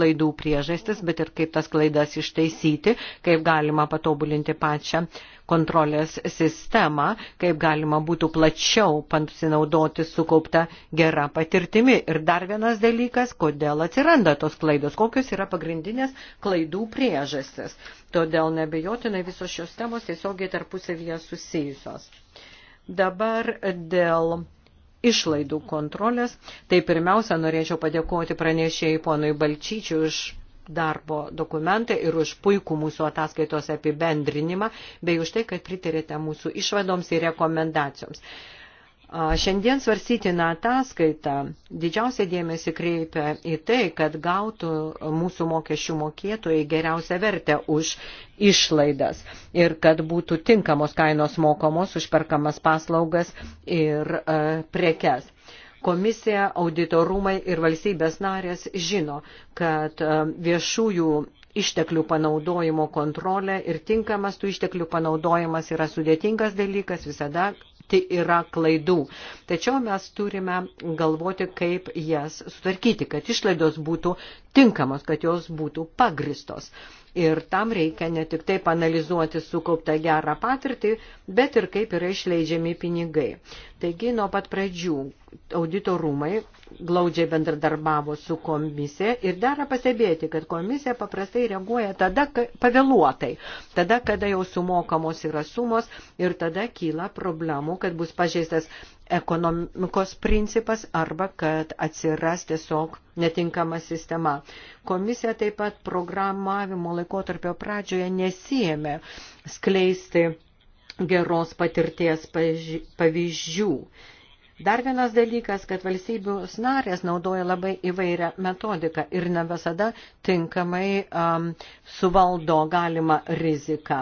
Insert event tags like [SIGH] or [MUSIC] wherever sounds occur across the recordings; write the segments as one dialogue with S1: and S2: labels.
S1: klaidų priežastis, bet ir kaip tas klaidas ištaisyti, kaip galima patobulinti pačią kontrolės sistemą, kaip galima būtų plačiau pasinaudoti sukauptą gerą patirtimi. Ir dar vienas dalykas, kodėl atsiranda tos klaidos, kokios yra pagrindinės klaidų priežastis. Todėl nebejotinai visos šios temos tiesiogiai tarpusavyje susijusios. Dabar dėl išlaidų kontrolės. Tai pirmiausia, norėčiau padėkoti pranešėjai ponui Balčyčiui už darbo dokumentą ir už puikų mūsų ataskaitos apibendrinimą, bei už tai, kad pritarėte mūsų išvadoms ir rekomendacijoms. Šiandien svarstytina ataskaita didžiausia dėmesį kreipia į tai, kad gautų mūsų mokesčių mokėtojai geriausią vertę už išlaidas ir kad būtų tinkamos kainos mokomos už perkamas paslaugas ir e, prekes. Komisija, auditorumai ir valstybės narės žino, kad e, viešųjų išteklių panaudojimo kontrolė ir tinkamas tų išteklių panaudojimas yra sudėtingas dalykas, visada padaryti yra klaidų. Tačiau mes turime galvoti, kaip jas sutvarkyti, kad išlaidos būtų tinkamos, kad jos būtų pagristos. Ir tam reikia ne tik taip analizuoti sukauptą gerą patirtį, bet ir kaip yra išleidžiami pinigai. Taigi nuo pat pradžių audito rūmai glaudžiai bendradarbiavo su komisija ir dera pastebėti, kad komisija paprastai reaguoja tada, kai pavėluotai, tada, kada jau sumokamos yra sumos ir tada kyla problemų, kad bus pažeistas ekonomikos principas arba kad atsiras tiesiog netinkama sistema. Komisija taip pat programavimo laikotarpio pradžioje nesijėmė skleisti geros patirties pavyzdžių. Dar vienas dalykas, kad valstybių narės naudoja labai įvairią metodiką ir ne visada tinkamai um, suvaldo galimą riziką.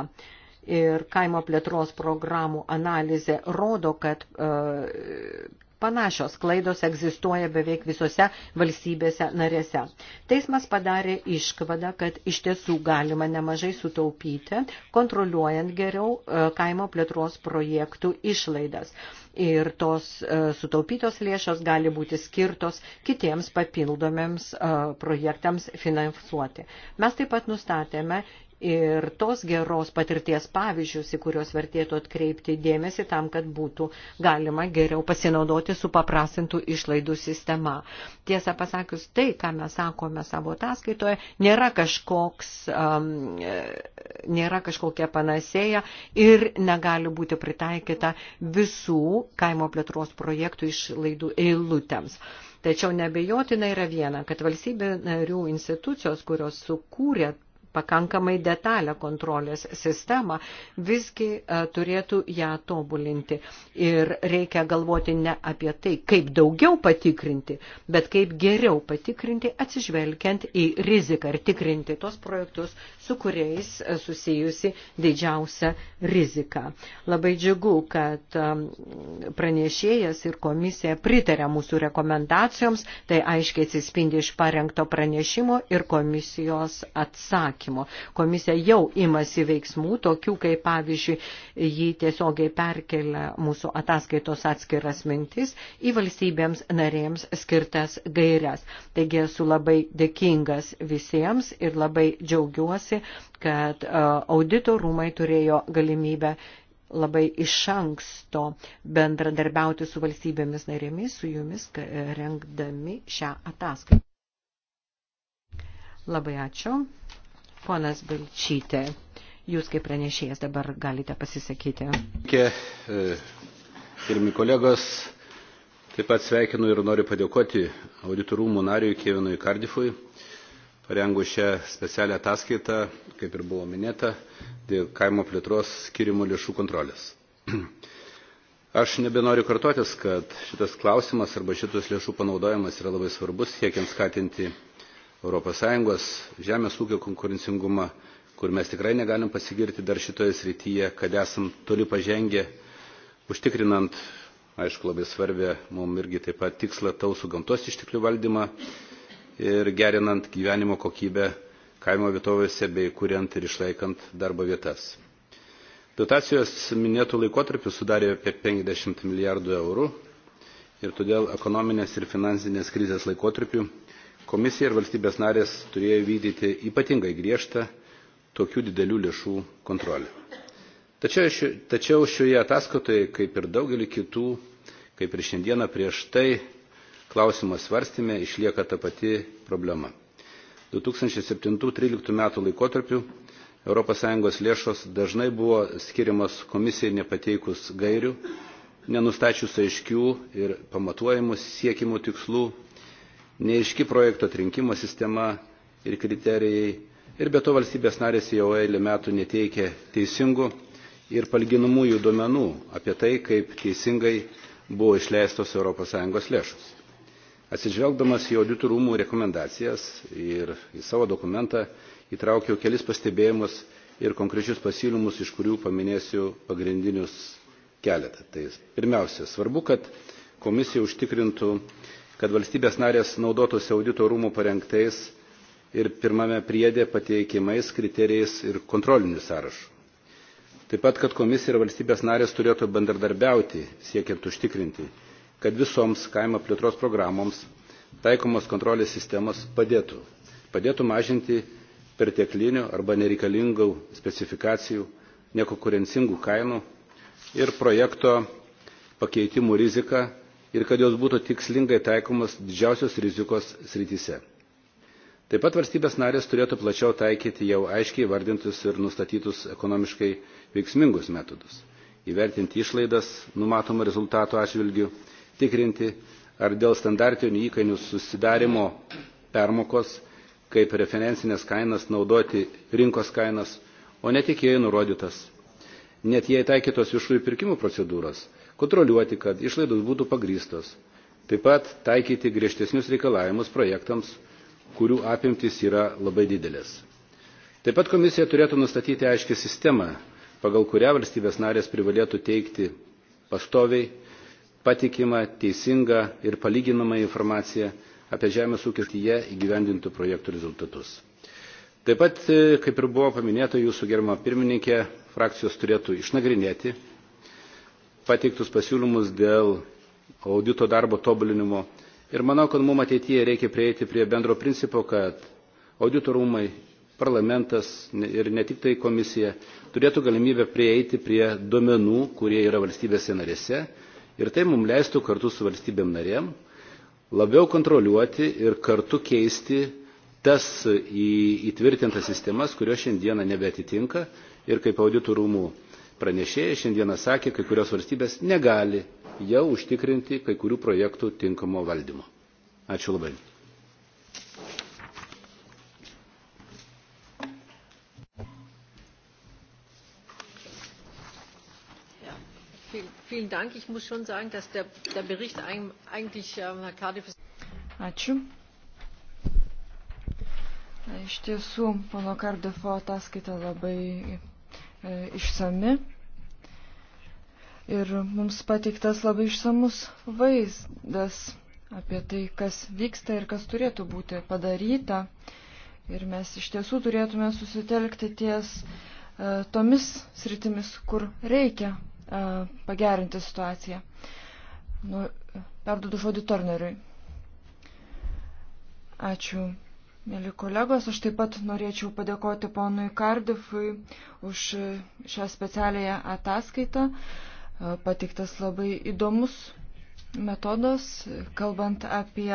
S1: Ir kaimo plėtros programų analizė rodo, kad uh, Panašios klaidos egzistuoja beveik visose valstybėse narėse. Teismas padarė iškvadą, kad iš tiesų galima nemažai sutaupyti, kontroliuojant geriau e, kaimo plėtros projektų išlaidas. Ir tos e, sutaupytos lėšos gali būti skirtos kitiems papildomiams e, projektams finansuoti. Mes taip pat nustatėme ir tos geros patirties pavyzdžius, į kuriuos vertėtų atkreipti dėmesį tam, kad būtų galima geriau pasinaudoti su paprastintų išlaidų sistema. Tiesą pasakius, tai, ką mes sakome savo ataskaitoje, nėra, kažkoks, um, nėra kažkokia panasėja ir negali būti pritaikyta visų kaimo plėtros projektų išlaidų eilutėms. Tačiau nebejotina yra viena, kad valstybė narių institucijos, kurios sukūrė pakankamai detalę kontrolės sistemą, visgi e, turėtų ją tobulinti. Ir reikia galvoti ne apie tai, kaip daugiau patikrinti, bet kaip geriau patikrinti, atsižvelgiant į riziką ir tikrinti tos projektus, su kuriais e, susijusi didžiausia rizika. Labai džiugu, kad pranešėjas ir komisija pritarė mūsų rekomendacijoms, tai aiškiai atsispindi iš parengto pranešimo ir komisijos atsakymų atsakymo. Komisija jau imasi veiksmų, tokių kaip pavyzdžiui, jį tiesiogiai perkelia mūsų ataskaitos atskiras mintis į valstybėms narėms skirtas gairias. Taigi esu labai dėkingas visiems ir labai džiaugiuosi, kad e, audito rūmai turėjo galimybę labai iš anksto bendradarbiauti su valstybėmis narėmis, su jumis e, rengdami šią ataskaitą. Labai ačiū. Ponas Balčytė, jūs kaip pranešėjas dabar galite pasisakyti.
S2: Pirmi e, kolegos, taip pat sveikinu ir noriu padėkoti auditorumų nariui Kevinui Kardifui parengus šią specialią ataskaitą, kaip ir buvo minėta, dėl kaimo plėtros skirimo lėšų kontrolės. [CLEARS THROAT] Aš nebenoriu kartotis, kad šitas klausimas arba šitas lėšų panaudojimas yra labai svarbus, siekiant skatinti ES žemės ūkio konkurencingumą, kur mes tikrai negalim pasigirti dar šitoje srityje, kad esam toli pažengę, užtikrinant, aišku, labai svarbę mums irgi taip pat tikslą tausų gamtos išteklių valdymą ir gerinant gyvenimo kokybę kaimo vietovėse bei kuriant ir išlaikant darbo vietas. Dotacijos minėtų laikotarpių sudarė apie 50 milijardų eurų ir todėl ekonominės ir finansinės krizės laikotarpių komisija ir valstybės narės turėjo vykdyti ypatingai griežtą tokių didelių lėšų kontrolę. Tačiau, tačiau šioje ataskatoje, kaip ir daugelį kitų, kaip ir šiandieną prieš tai klausimo svarstymė, išlieka ta pati problema. 2007-2013 metų laikotarpiu ES lėšos dažnai buvo skiriamos komisijai nepateikus gairių, nenustačius aiškių ir pamatuojamų siekimų tikslų neiški projekto atrinkimo sistema ir kriterijai ir be to valstybės narės jau eilę metų neteikia teisingų ir palyginamųjų duomenų apie tai, kaip teisingai buvo išleistos ES lėšos. Atsižvelgdamas į auditų rūmų rekomendacijas ir į savo dokumentą įtraukiau kelis pastebėjimus ir konkrečius pasiūlymus, iš kurių paminėsiu pagrindinius keletą. Tai pirmiausia, svarbu, kad komisija užtikrintų kad valstybės narės naudotųsi audito rūmų parengtais ir pirmame priedė pateikimais, kriterijais ir kontroliniu sąrašu. Taip pat, kad komisija ir valstybės narės turėtų bendradarbiauti, siekiant užtikrinti, kad visoms kaimo plėtros programoms taikomos kontrolės sistemos padėtų. Padėtų mažinti perteklinių arba nereikalingų specifikacijų, nekonkurencingų kainų ir projekto pakeitimų riziką ir kad jos būtų tikslingai taikomas didžiausios rizikos srityse. Taip pat valstybės narės turėtų plačiau taikyti jau aiškiai vardintus ir nustatytus ekonomiškai veiksmingus metodus, įvertinti išlaidas numatomą rezultato atžvilgių, tikrinti, ar dėl standartinių įkainių susidarimo permokos, kaip referencinės kainas naudoti rinkos kainas, o netikėjai nurodytas. Net jei taikytos viešųjų pirkimų procedūros, kontroliuoti, kad išlaidos būtų pagrystos, taip pat taikyti griežtesnius reikalavimus projektams, kurių apimtis yra labai didelės. Taip pat komisija turėtų nustatyti aiškę sistemą, pagal kurią valstybės narės privalėtų teikti pastoviai patikimą, teisingą ir palyginamą informaciją apie žemės ūkirtyje įgyvendintų projektų rezultatus. Taip pat, kaip ir buvo paminėta, jūsų germa pirmininkė frakcijos turėtų išnagrinėti pateiktus pasiūlymus dėl audito darbo tobulinimo. Ir manau, kad mums ateityje reikia prieiti prie bendro principo, kad auditorumai, parlamentas ir ne tik tai komisija turėtų galimybę prieiti prie duomenų, kurie yra valstybėse narėse. Ir tai mums leistų kartu su valstybėm narėm labiau kontroliuoti ir kartu keisti tas įtvirtintas sistemas, kurios šiandieną nebetitinka ir kaip auditorumų pranešėjai šiandieną sakė, kai kurios valstybės negali jau užtikrinti kai kurių projektų tinkamo valdymo. Ačiū labai.
S3: Ähm,
S4: Ačiū. Iš tiesų, pono Kardifo ataskaita labai E, išsami ir mums pateiktas labai išsamus vaizdas apie tai, kas vyksta ir kas turėtų būti padaryta. Ir mes iš tiesų turėtume susitelkti ties e, tomis sritimis, kur reikia e, pagerinti situaciją. Nu, perduodu žodį Torneriui. Ačiū, Mėly kolegos, aš taip pat norėčiau padėkoti ponui Kardifui už šią specialiąją ataskaitą. Patiktas labai įdomus metodas, kalbant apie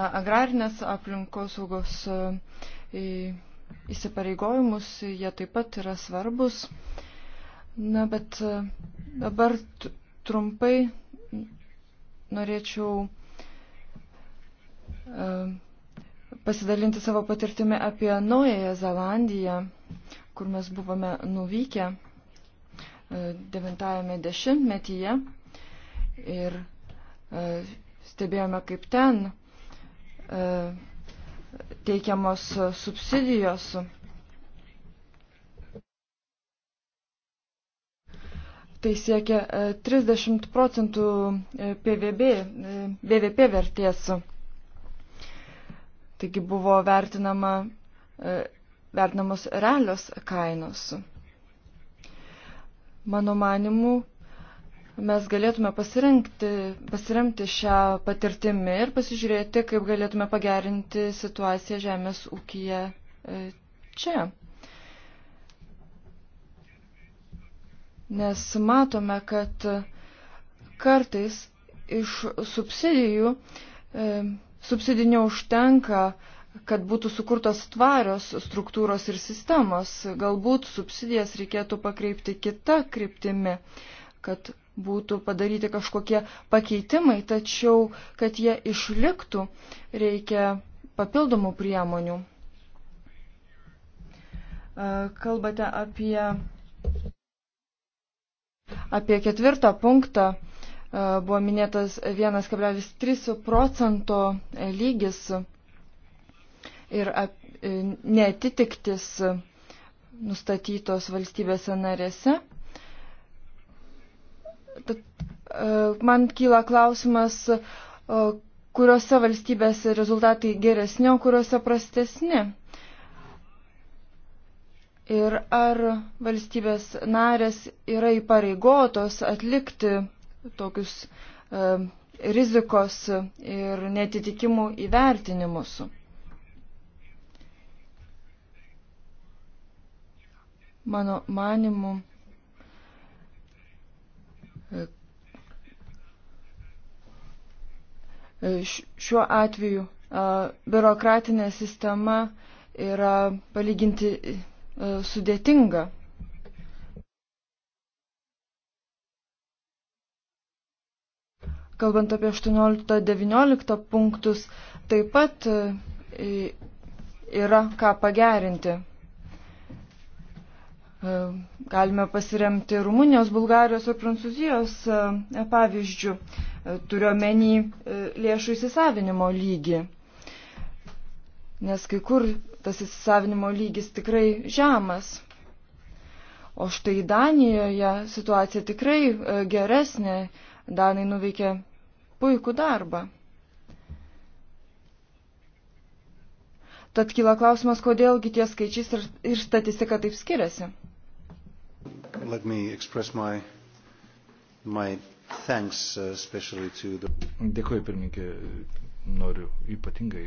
S4: agrarinės aplinkosaugos įsipareigojimus, jie taip pat yra svarbus. Na, bet dabar trumpai norėčiau pasidalinti savo patirtimi apie Naująją Zelandiją, kur mes buvome nuvykę 90-metyje e, ir e, stebėjome, kaip ten e, teikiamos subsidijos. Tai siekia 30 procentų PVB, BVP vertės Taigi buvo vertinama, e, vertinamos realios kainos. Mano manimu, mes galėtume pasiremti šią patirtimį ir pasižiūrėti, kaip galėtume pagerinti situaciją žemės ūkija e, čia. Nes matome, kad kartais iš subsidijų e, Subsidijų neužtenka, kad būtų sukurtos tvarios struktūros ir sistemos. Galbūt subsidijas reikėtų pakreipti kitą kryptimi, kad būtų padaryti kažkokie pakeitimai, tačiau, kad jie išliktų, reikia papildomų priemonių. E, kalbate apie, apie ketvirtą punktą E, buvo minėtas 1,3 procento lygis ir e, netitiktis nustatytos valstybėse narėse. Tad e, man kyla klausimas, kuriuose valstybėse rezultatai geresni, o kuriuose prastesni. Ir ar valstybės narės yra įpareigotos atlikti tokius e, rizikos ir netitikimų įvertinimus. Mano manimu, e, e, šiuo atveju e, biurokratinė sistema yra palyginti sudėtinga. Kalbant apie 18-19 punktus, taip pat e, yra ką pagerinti. E, galime pasiremti Rumunijos, Bulgarijos ir Prancūzijos e, pavyzdžių, turiuomenį lėšų įsisavinimo lygį. Nes kai kur tas įsisavinimo lygis tikrai žemas. O štai Danijoje situacija tikrai geresnė. Danai nuveikė puikų darbą. Tad kyla klausimas, kodėlgi tie skaičiais ir, ir statistika taip skiriasi.
S5: My, my thanks, uh, the... Dėkuoju, pirmininkė. Noriu ypatingai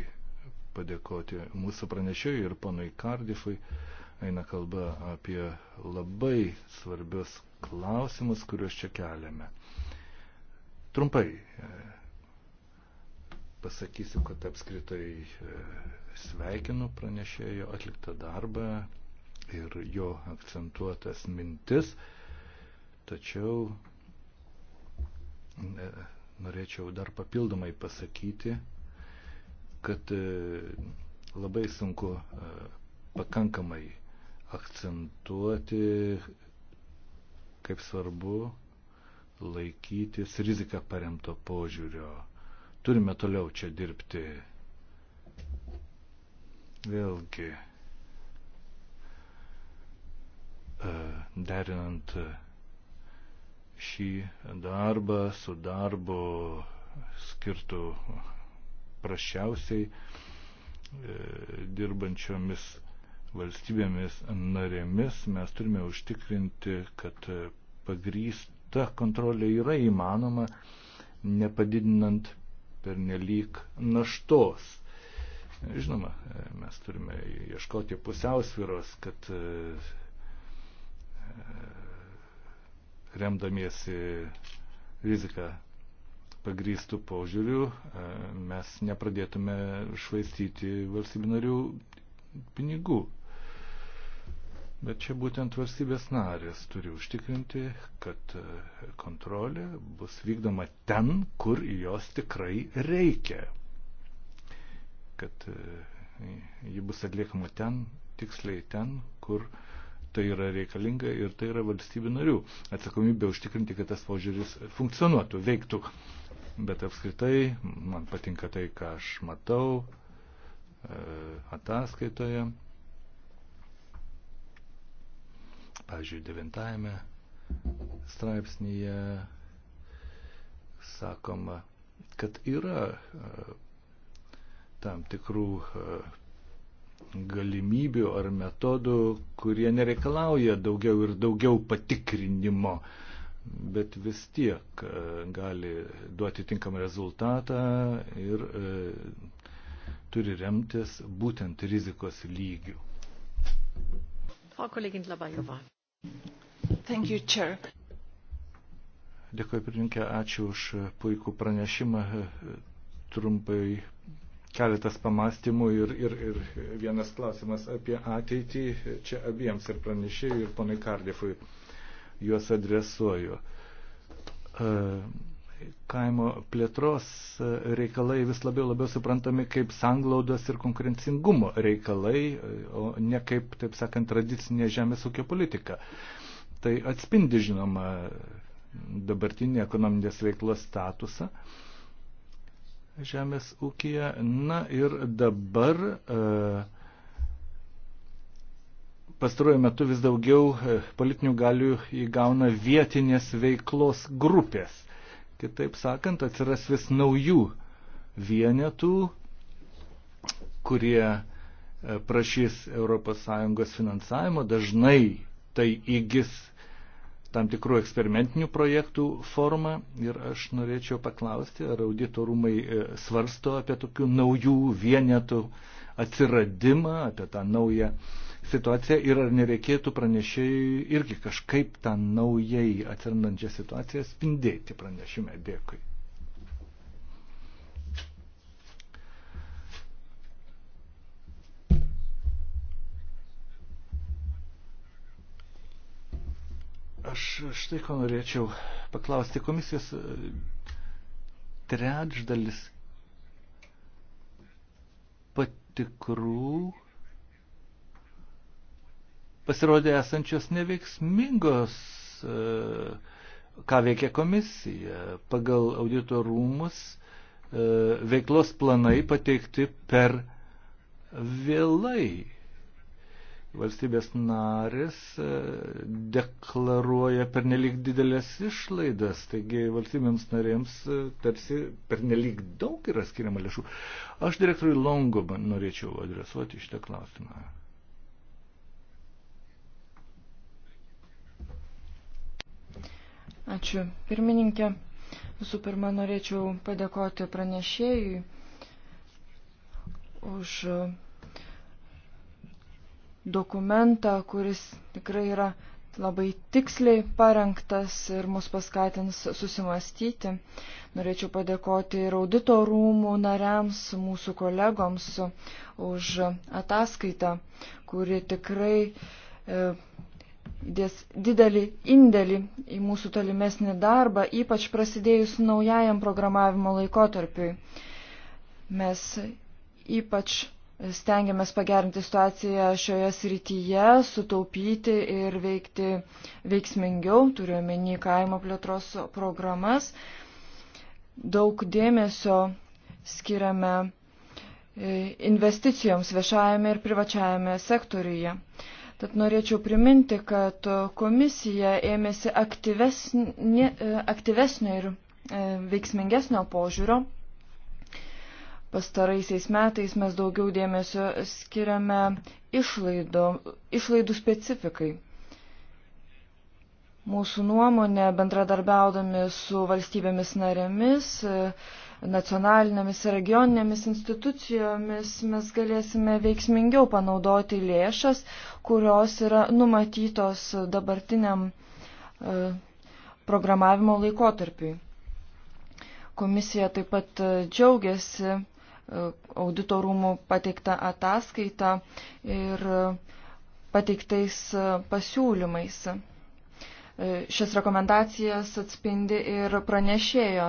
S5: padėkoti mūsų pranešėjui ir ponui Kardifui. Eina kalba apie labai svarbius klausimus, kuriuos čia keliame. Uh, Trumpai e, pasakysiu, kad apskritai e, sveikinu pranešėjo atliktą darbą ir jo akcentuotas mintis, tačiau e, norėčiau dar papildomai pasakyti, kad labai sunku pakankamai akcentuoti, kaip svarbu laikytis riziką paremto požiūrio. Turime toliau čia dirbti. Vėlgi, e, derinant šį darbą su darbu skirtų prašiausiai e, dirbančiomis valstybėmis narėmis, mes turime užtikrinti, kad pagrįst ta kontrolė yra įmanoma, nepadidinant per nelik naštos. Žinoma, mes turime ieškoti pusiausviros, kad e, remdamiesi riziką pagrįstų požiūrių e, mes nepradėtume švaistyti valstybinarių pinigų. Bet čia būtent valstybės narės turi užtikrinti, kad e, kontrolė bus vykdoma ten, kur jos tikrai reikia. Kad e, ji bus atliekama ten, tiksliai ten, kur tai yra reikalinga ir tai yra valstybių narių. Atsakomybė užtikrinti, kad tas požiūris funkcionuotų, veiktų. Bet apskritai, man patinka tai, ką aš matau e, ataskaitoje. Pavyzdžiui, devintajame straipsnėje sakoma, kad yra e, tam tikrų e, galimybių ar metodų, kurie nereikalauja daugiau ir daugiau patikrinimo, bet vis tiek e, gali duoti tinkamą rezultatą ir e, turi remtis būtent rizikos lygių.
S3: Frau Kollegin Labajova. Thank you, Chair.
S5: Dėkuoju, pirmininkė, ačiū už puikų pranešimą. Trumpai keletas pamastymų ir, ir, ir vienas klausimas apie ateitį. Čia abiems ir pranešėjai, ir ponai Kardifui juos adresuoju. Uh, kaimo plėtros reikalai vis labiau labiau suprantami kaip sanglaudos ir konkurencingumo reikalai, o ne kaip, taip sakant, tradicinė žemės ūkio politika. Tai atspindi, žinoma, dabartinį ekonominės veiklos statusą žemės ūkija. Na ir dabar e, pastaruoju metu vis daugiau e, politinių galių įgauna vietinės veiklos grupės. Kitaip sakant, atsiras vis naujų vienetų, kurie e, prašys ES finansavimo, dažnai tai įgis tam tikrų eksperimentinių projektų formą ir aš norėčiau paklausti, ar auditorumai e, svarsto apie tokių naujų vienetų atsiradimą, apie tą naują uh, situaciją ir ar nereikėtų pranešėjai irgi kažkaip tą naujai atsirandančią situaciją spindėti pranešime. Dėkui. Aš štai ko norėčiau paklausti komisijos e, trečdalis patikrų pasirodė esančios neveiksmingos, e, ką veikia komisija. Pagal audito rūmus e, veiklos planai pateikti per vėlai. Valstybės narės e, deklaruoja pernelyg didelės išlaidas, taigi valstybėms narėms tarsi pernelyg daug yra skiriama lėšų. Aš direktoriui Longo norėčiau adresuoti šitą klausimą.
S4: Ačiū pirmininkė. Visų pirma, norėčiau padėkoti pranešėjui už dokumentą, kuris tikrai yra labai tiksliai parengtas ir mus paskatins susimastyti. Norėčiau padėkoti ir audito rūmų nariams, mūsų kolegoms už ataskaitą, kuri tikrai e, dės didelį indėlį į mūsų tolimesnį darbą, ypač prasidėjus naujajam programavimo laikotarpiui. Mes ypač stengiamės pagerinti situaciją šioje srityje, sutaupyti ir veikti veiksmingiau, turiuomenį kaimo plėtros programas. Daug dėmesio skiriame e, investicijoms viešajame ir privačiajame sektoriuje. Tad norėčiau priminti, kad komisija ėmėsi aktyvesnė, aktyvesnio ir e, veiksmingesnio požiūrio. Pastaraisiais metais mes daugiau dėmesio skiriame išlaidų, išlaidų specifikai. Mūsų nuomonė, bendradarbiaudami su valstybėmis narėmis, nacionalinėmis ir regioninėmis institucijomis mes galėsime veiksmingiau panaudoti lėšas, kurios yra numatytos dabartiniam e, programavimo laikotarpiui. Komisija taip pat džiaugiasi e, auditorumų pateiktą ataskaitą ir e, pateiktais pasiūlymais. Šias rekomendacijas atspindi ir pranešėjo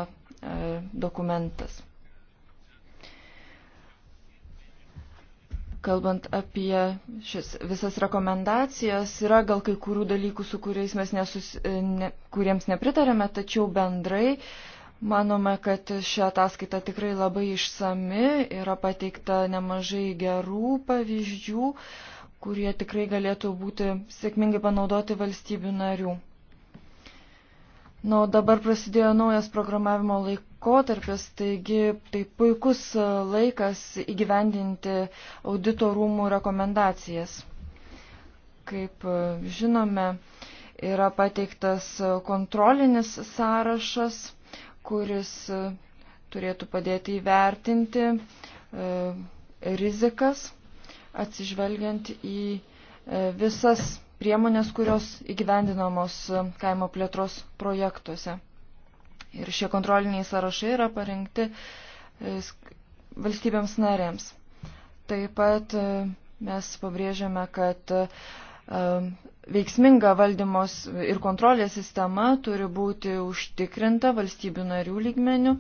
S4: E, dokumentas. kalbant apie šis, visas rekomendacijas, yra gal kai kurių dalykų, su kuriais mes nesus, e, ne, kuriems nepritarėme, tačiau bendrai manome, kad šią ataskaitą tikrai labai išsami, yra pateikta nemažai gerų pavyzdžių, kurie tikrai galėtų būti sėkmingai panaudoti valstybių narių. Na, nu, dabar prasidėjo naujas programavimo laikotarpis, taigi tai puikus e, laikas įgyvendinti audito rūmų rekomendacijas. Kaip e, žinome, yra pateiktas kontrolinis sąrašas, kuris e, turėtų padėti įvertinti rizikas, atsižvelgiant į visas priemonės, kurios įgyvendinamos kaimo plėtros projektuose. Ir šie kontroliniai sąrašai yra parengti e, valstybėms narėms. Taip pat e, mes pabrėžiame, kad e, veiksminga valdymos ir kontrolės sistema turi būti užtikrinta valstybių narių lygmenių.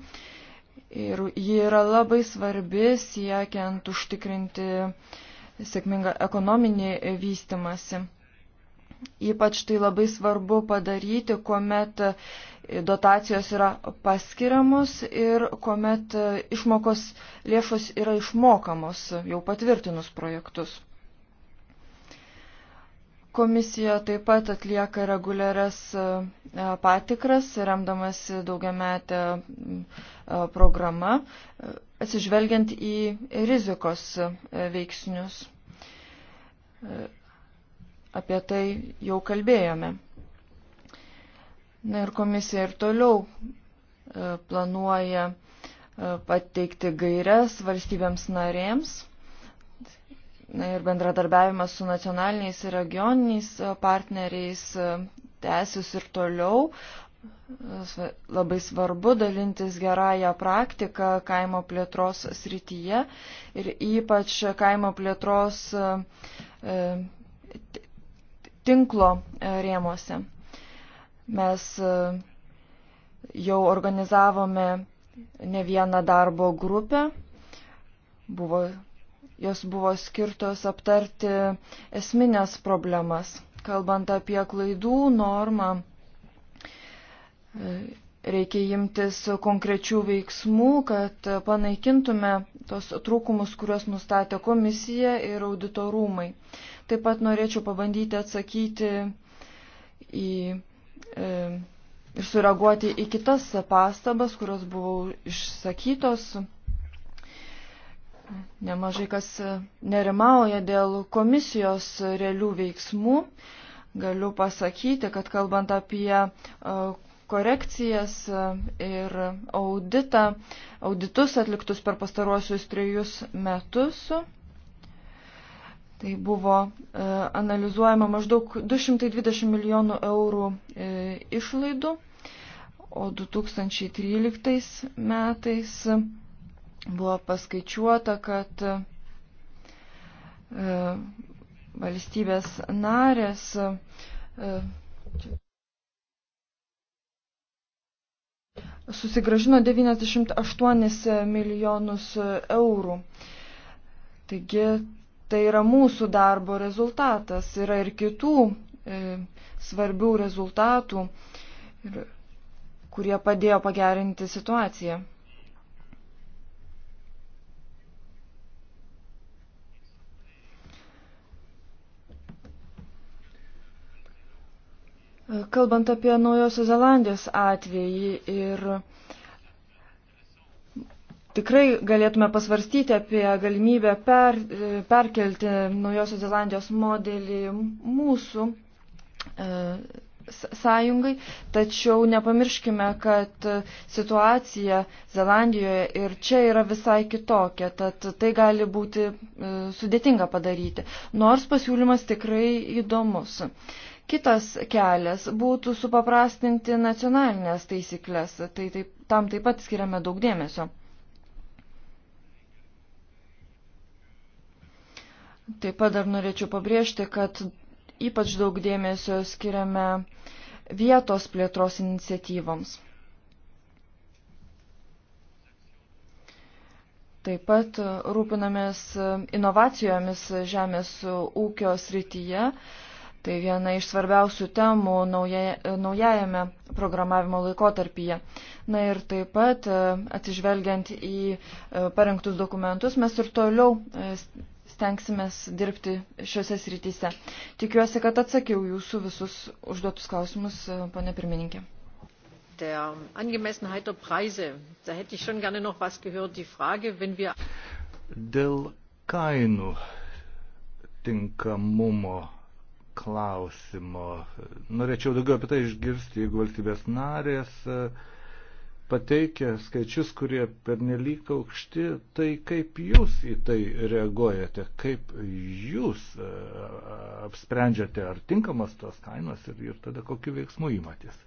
S4: Ir ji yra labai svarbi siekiant užtikrinti sėkmingą ekonominį vystimąsi. Ypač tai labai svarbu padaryti, kuomet dotacijos yra paskiriamos ir kuomet išmokos lėšos yra išmokamos jau patvirtinus projektus. Komisija taip pat atlieka reguliarias e, patikras, remdamasi daugiametę e, programą, e, atsižvelgiant į rizikos veiksnius apie tai jau kalbėjome. Na ir komisija ir toliau e, planuoja e, pateikti gairias valstybėms narėms na ir bendradarbiavimas su nacionaliniais ir regioniniais e, partneriais tęsis ir toliau. Labai svarbu dalintis gerąją praktiką kaimo plėtros srityje ir ypač kaimo plėtros tinklo e, rėmose. Mes e, jau organizavome ne vieną darbo grupę, buvo, jos buvo skirtos aptarti esminės problemas. Kalbant apie klaidų normą, e, reikia imtis konkrečių veiksmų, kad panaikintume tos trūkumus, kuriuos nustatė komisija ir auditorumai. rūmai. Taip pat norėčiau pabandyti atsakyti į, e, ir sureaguoti į kitas pastabas, kurios buvo išsakytos. Nemažai kas nerimauja dėl komisijos realių veiksmų. Galiu pasakyti, kad kalbant apie e, korekcijas e, ir auditą, auditus atliktus per pastaruosius trejus metus, Tai buvo e, analizuojama maždaug 220 milijonų eurų e, išlaidų, o 2013 metais buvo paskaičiuota, kad e, valstybės narės susigražino 98 milijonus eurų. Taigi Tai yra mūsų darbo rezultatas, yra ir kitų e, svarbių rezultatų, ir, kurie padėjo pagerinti situaciją. Kalbant apie Naujosios Zelandijos atvejį ir tikrai galėtume pasvarstyti apie galimybę per, perkelti Naujosios Zelandijos modelį mūsų e, sąjungai, tačiau nepamirškime, kad situacija Zelandijoje ir čia yra visai kitokia, tad tai gali būti e, sudėtinga padaryti, nors pasiūlymas tikrai įdomus. Kitas kelias būtų supaprastinti nacionalinės taisyklės, tai taip, tam taip pat skiriame daug dėmesio. Taip pat dar norėčiau pabrėžti, kad ypač daug dėmesio skiriame vietos plėtros iniciatyvoms. Taip pat rūpinamės inovacijomis žemės ūkio srityje. Tai viena iš svarbiausių temų nauja, naujajame programavimo laikotarpyje. Na ir taip pat atsižvelgiant į parengtus dokumentus, mes ir toliau stengsime dirbti šiuose srityse. Tikiuosi, kad atsakiau jūsų visus užduotus klausimus, e, ponė pirmininkė.
S3: Der Angemessenheit der Preise, da hätte ich schon gerne noch was gehört, die Frage, wenn wir.
S5: Dėl kainų tinkamumo klausimo. Norėčiau daugiau apie tai išgirsti, jeigu valstybės narės uh, pateikia skaičius, kurie pernelyg aukšti, tai kaip jūs į tai reaguojate, kaip jūs e, apsprendžiate, ar tinkamas tos kainos ir, ir tada kokiu veiksmu įmatės.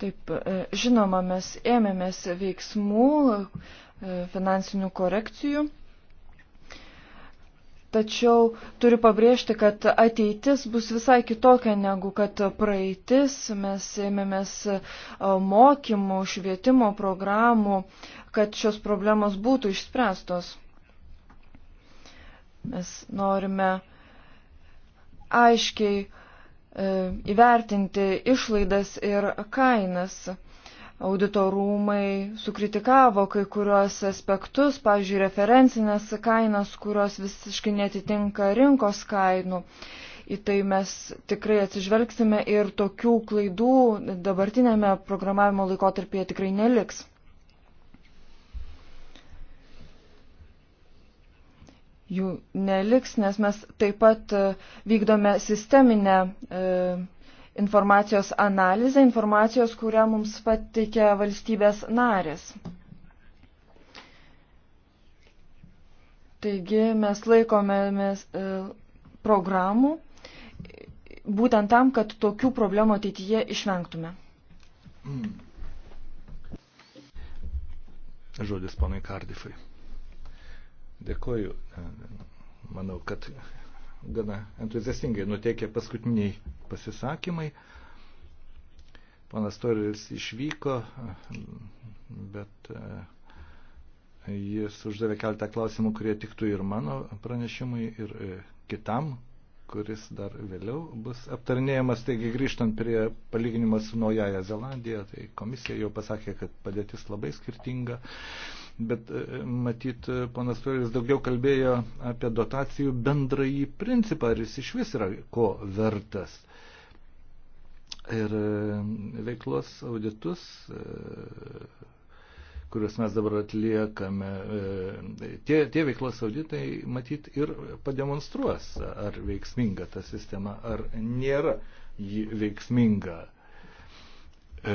S4: Taip, e, žinoma, mes ėmėmės veiksmų, e, finansinių korekcijų Tačiau turiu pabrėžti, kad ateitis bus visai kitokia negu kad praeitis. Mes ėmėmės mokymų, švietimo programų, kad šios problemos būtų išspręstos. Mes norime aiškiai e, įvertinti išlaidas ir kainas auditorumai sukritikavo kai kuriuos aspektus, pavyzdžiui, referencinės kainas, kurios visiškai netitinka rinkos kainų. Į tai mes tikrai atsižvelgsime ir tokių klaidų dabartinėme programavimo laikotarpyje tikrai neliks. Jų neliks, nes mes taip pat vykdome sisteminę e, informacijos analizę, informacijos, kurią mums patikė valstybės narės. Taigi mes laikomėmės e, programų būtent tam, kad tokių problemų ateityje išvengtume.
S5: Žodis panai Kardifai. Dėkoju. Manau, kad gana entuziastingai nuteikia paskutiniai pasisakymai. Panas Torelis išvyko, bet e, jis uždavė keltą klausimų, kurie tiktų ir mano pranešimui, ir e, kitam, kuris dar vėliau bus aptarnėjamas. Taigi grįžtant prie palyginimo su Naujaja Zelandija, tai komisija jau pasakė, kad padėtis labai skirtinga bet e, matyt, panas Turis daugiau kalbėjo apie dotacijų bendrąjį principą, ar jis iš vis yra ko vertas. Ir e, veiklos auditus, e, kuriuos mes dabar atliekame, tie, tie veiklos auditai matyt ir pademonstruos, ar veiksminga ta sistema, ar nėra ji veiksminga. E,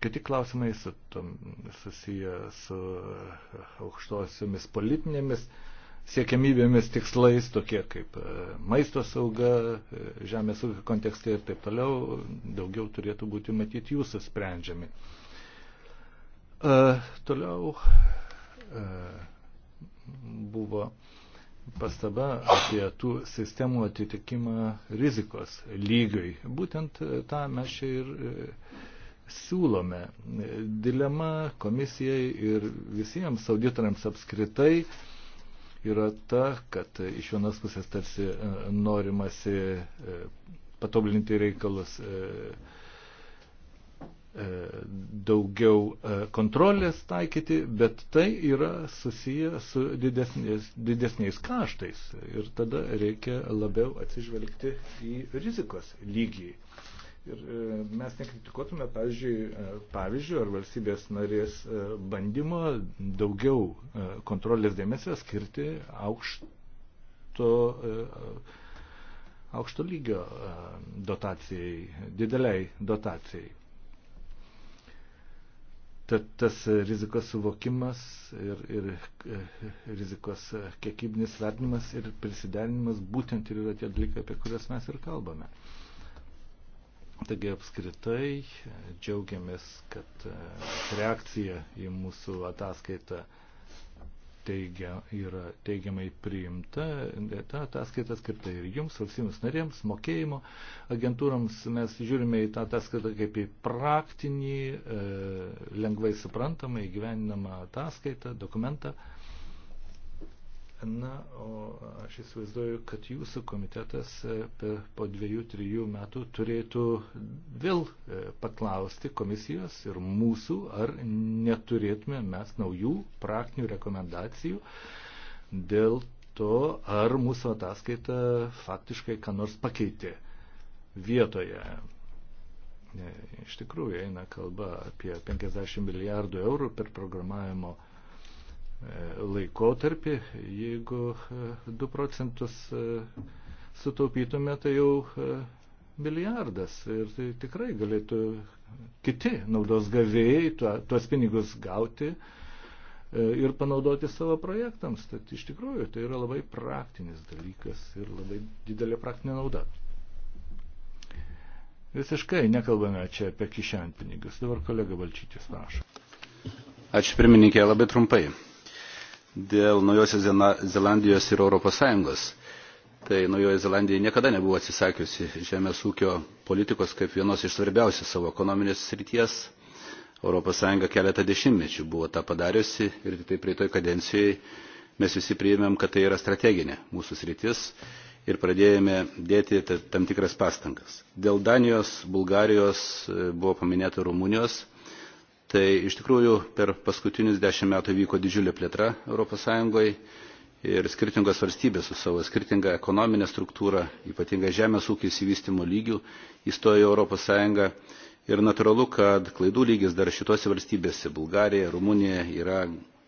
S5: Kiti klausimai su, tom, susiję su e, aukštosiomis politinėmis siekiamybėmis, tikslais, tokie kaip e, maisto sauga, e, žemės ūkio kontekstai ir taip toliau, daugiau turėtų būti matyti jūsų sprendžiami. E, toliau e, buvo pastaba apie tų sistemų atitikimą rizikos lygiui. Būtent tą mes čia ir e, siūlome. Dilema komisijai ir visiems auditoriams apskritai yra ta, kad iš vienos pusės tarsi e, norimasi e, patobulinti reikalus e, daugiau kontrolės taikyti, bet tai yra susiję su didesniais, didesniais kaštais ir tada reikia labiau atsižvelgti į rizikos lygį. Ir e, mes nekritikuotume, pavyzdžiui, e, pavyzdžiui, ar valstybės narės e, bandymo daugiau kontrolės dėmesio skirti aukšto, aukšto lygio dotacijai, dideliai dotacijai. Tad tas rizikos suvokimas ir, ir rizikos kiekybinis vertinimas ir prisiderinimas būtent ir yra tie dalykai, apie kuriuos mes ir kalbame. Taigi apskritai e, džiaugiamės, kad e, reakcija į mūsų ataskaitą teigia, yra teigiamai priimta. Ta ataskaita skirta ir jums, valstybės narėms, mokėjimo agentūrams. Mes žiūrime į tą ataskaitą kaip į praktinį, e, lengvai suprantamą, įgyveninamą ataskaitą, dokumentą. E, Na, o aš įsivaizduoju, kad jūsų komitetas e, po dviejų, trijų metų turėtų vėl e, paklausti komisijos ir mūsų, ar neturėtume mes naujų praktinių rekomendacijų dėl to, ar mūsų ataskaita faktiškai ką nors pakeitė vietoje. E, iš tikrųjų, eina kalba apie 50 milijardų eurų per programavimo laikotarpį, jeigu 2 e, procentus e, sutaupytume, tai jau e, milijardas ir tai tikrai galėtų kiti naudos gavėjai tuos pinigus gauti ir panaudoti savo projektams. Tad iš tikrųjų tai yra labai praktinis dalykas ir labai didelė praktinė nauda. Visiškai nekalbame čia apie kišenpinigius. Dabar kolega Valčytis prašo.
S2: Ačiū pirmininkė, labai trumpai dėl Naujosios Zelandijos ir ES. Tai Naujoji Zelandija niekada nebuvo atsisakiusi žemės ūkio politikos kaip vienos iš svarbiausių savo ekonominės srities. ES keletą dešimtmečių buvo tą padariusi ir tik tai prie toj kadencijai mes visi priėmėm, kad tai yra strateginė mūsų sritis ir pradėjome dėti tam tikras pastangas. Dėl Danijos, Bulgarijos, e, buvo paminėta Rumunijos Tai iš tikrųjų per paskutinius dešimt metų vyko didžiulė plėtra ES ir skirtingos valstybės su savo skirtinga ekonominė struktūra, ypatingai žemės ūkio įsivystimo lygių, įstojo ES ir natūralu, kad klaidų lygis dar šitose valstybėse, Bulgarija, Rumunija, yra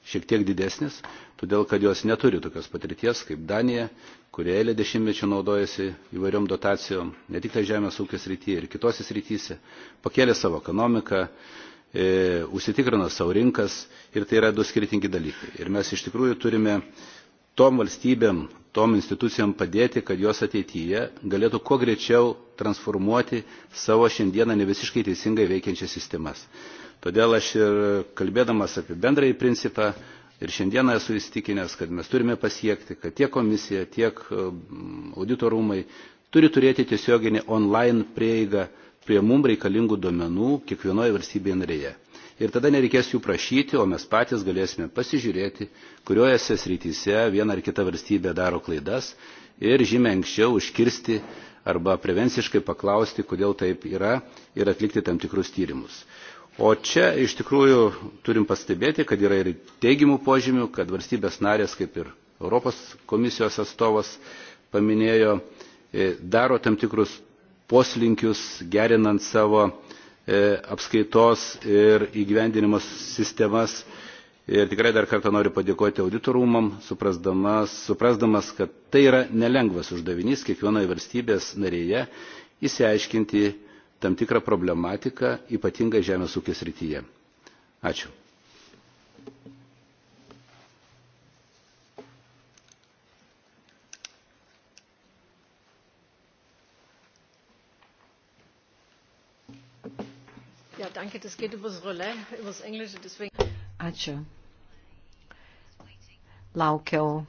S2: šiek tiek didesnis, todėl kad jos neturi tokios patirties kaip Danija, kurie eilė dešimtmečių naudojasi įvairiom dotacijom, ne tik tai žemės ūkio srityje ir kitose srityse, pakėlė savo ekonomiką, e, užsitikrina savo rinkas ir tai yra du skirtingi dalykai. Ir mes iš tikrųjų turime tom valstybėm, tom institucijom padėti, kad jos ateityje galėtų kuo greičiau transformuoti savo šiandieną nevisiškai teisingai veikiančias sistemas. Todėl aš ir kalbėdamas apie bendrąjį principą ir šiandieną esu įstikinęs, kad mes turime pasiekti, kad tiek komisija, tiek auditorumai turi turėti tiesioginį online prieigą prie mum reikalingų duomenų kiekvienoje valstybėje narėje. Ir tada nereikės jų prašyti, o mes patys galėsime pasižiūrėti, kuriuose srityse viena ar kita valstybė daro klaidas ir žymiai anksčiau užkirsti arba prevenciškai paklausti, kodėl taip yra ir atlikti tam tikrus tyrimus. O čia iš tikrųjų turim pastebėti, kad yra ir teigiamų požymių, kad valstybės narės, kaip ir Europos komisijos atstovas paminėjo, e, daro tam tikrus poslinkius, gerinant savo e, apskaitos ir įgyvendinimo sistemas. Ir tikrai dar kartą noriu padėkoti auditorumam, suprasdamas, suprasdamas, kad tai yra nelengvas uždavinys kiekvienoje valstybės narėje įsiaiškinti tam tikrą problematiką, ypatingai žemės ūkės rytyje. Ačiū.
S3: Danke, das geht übers Relais, übers Englische, deswegen.
S1: Ačiū. Laukiau,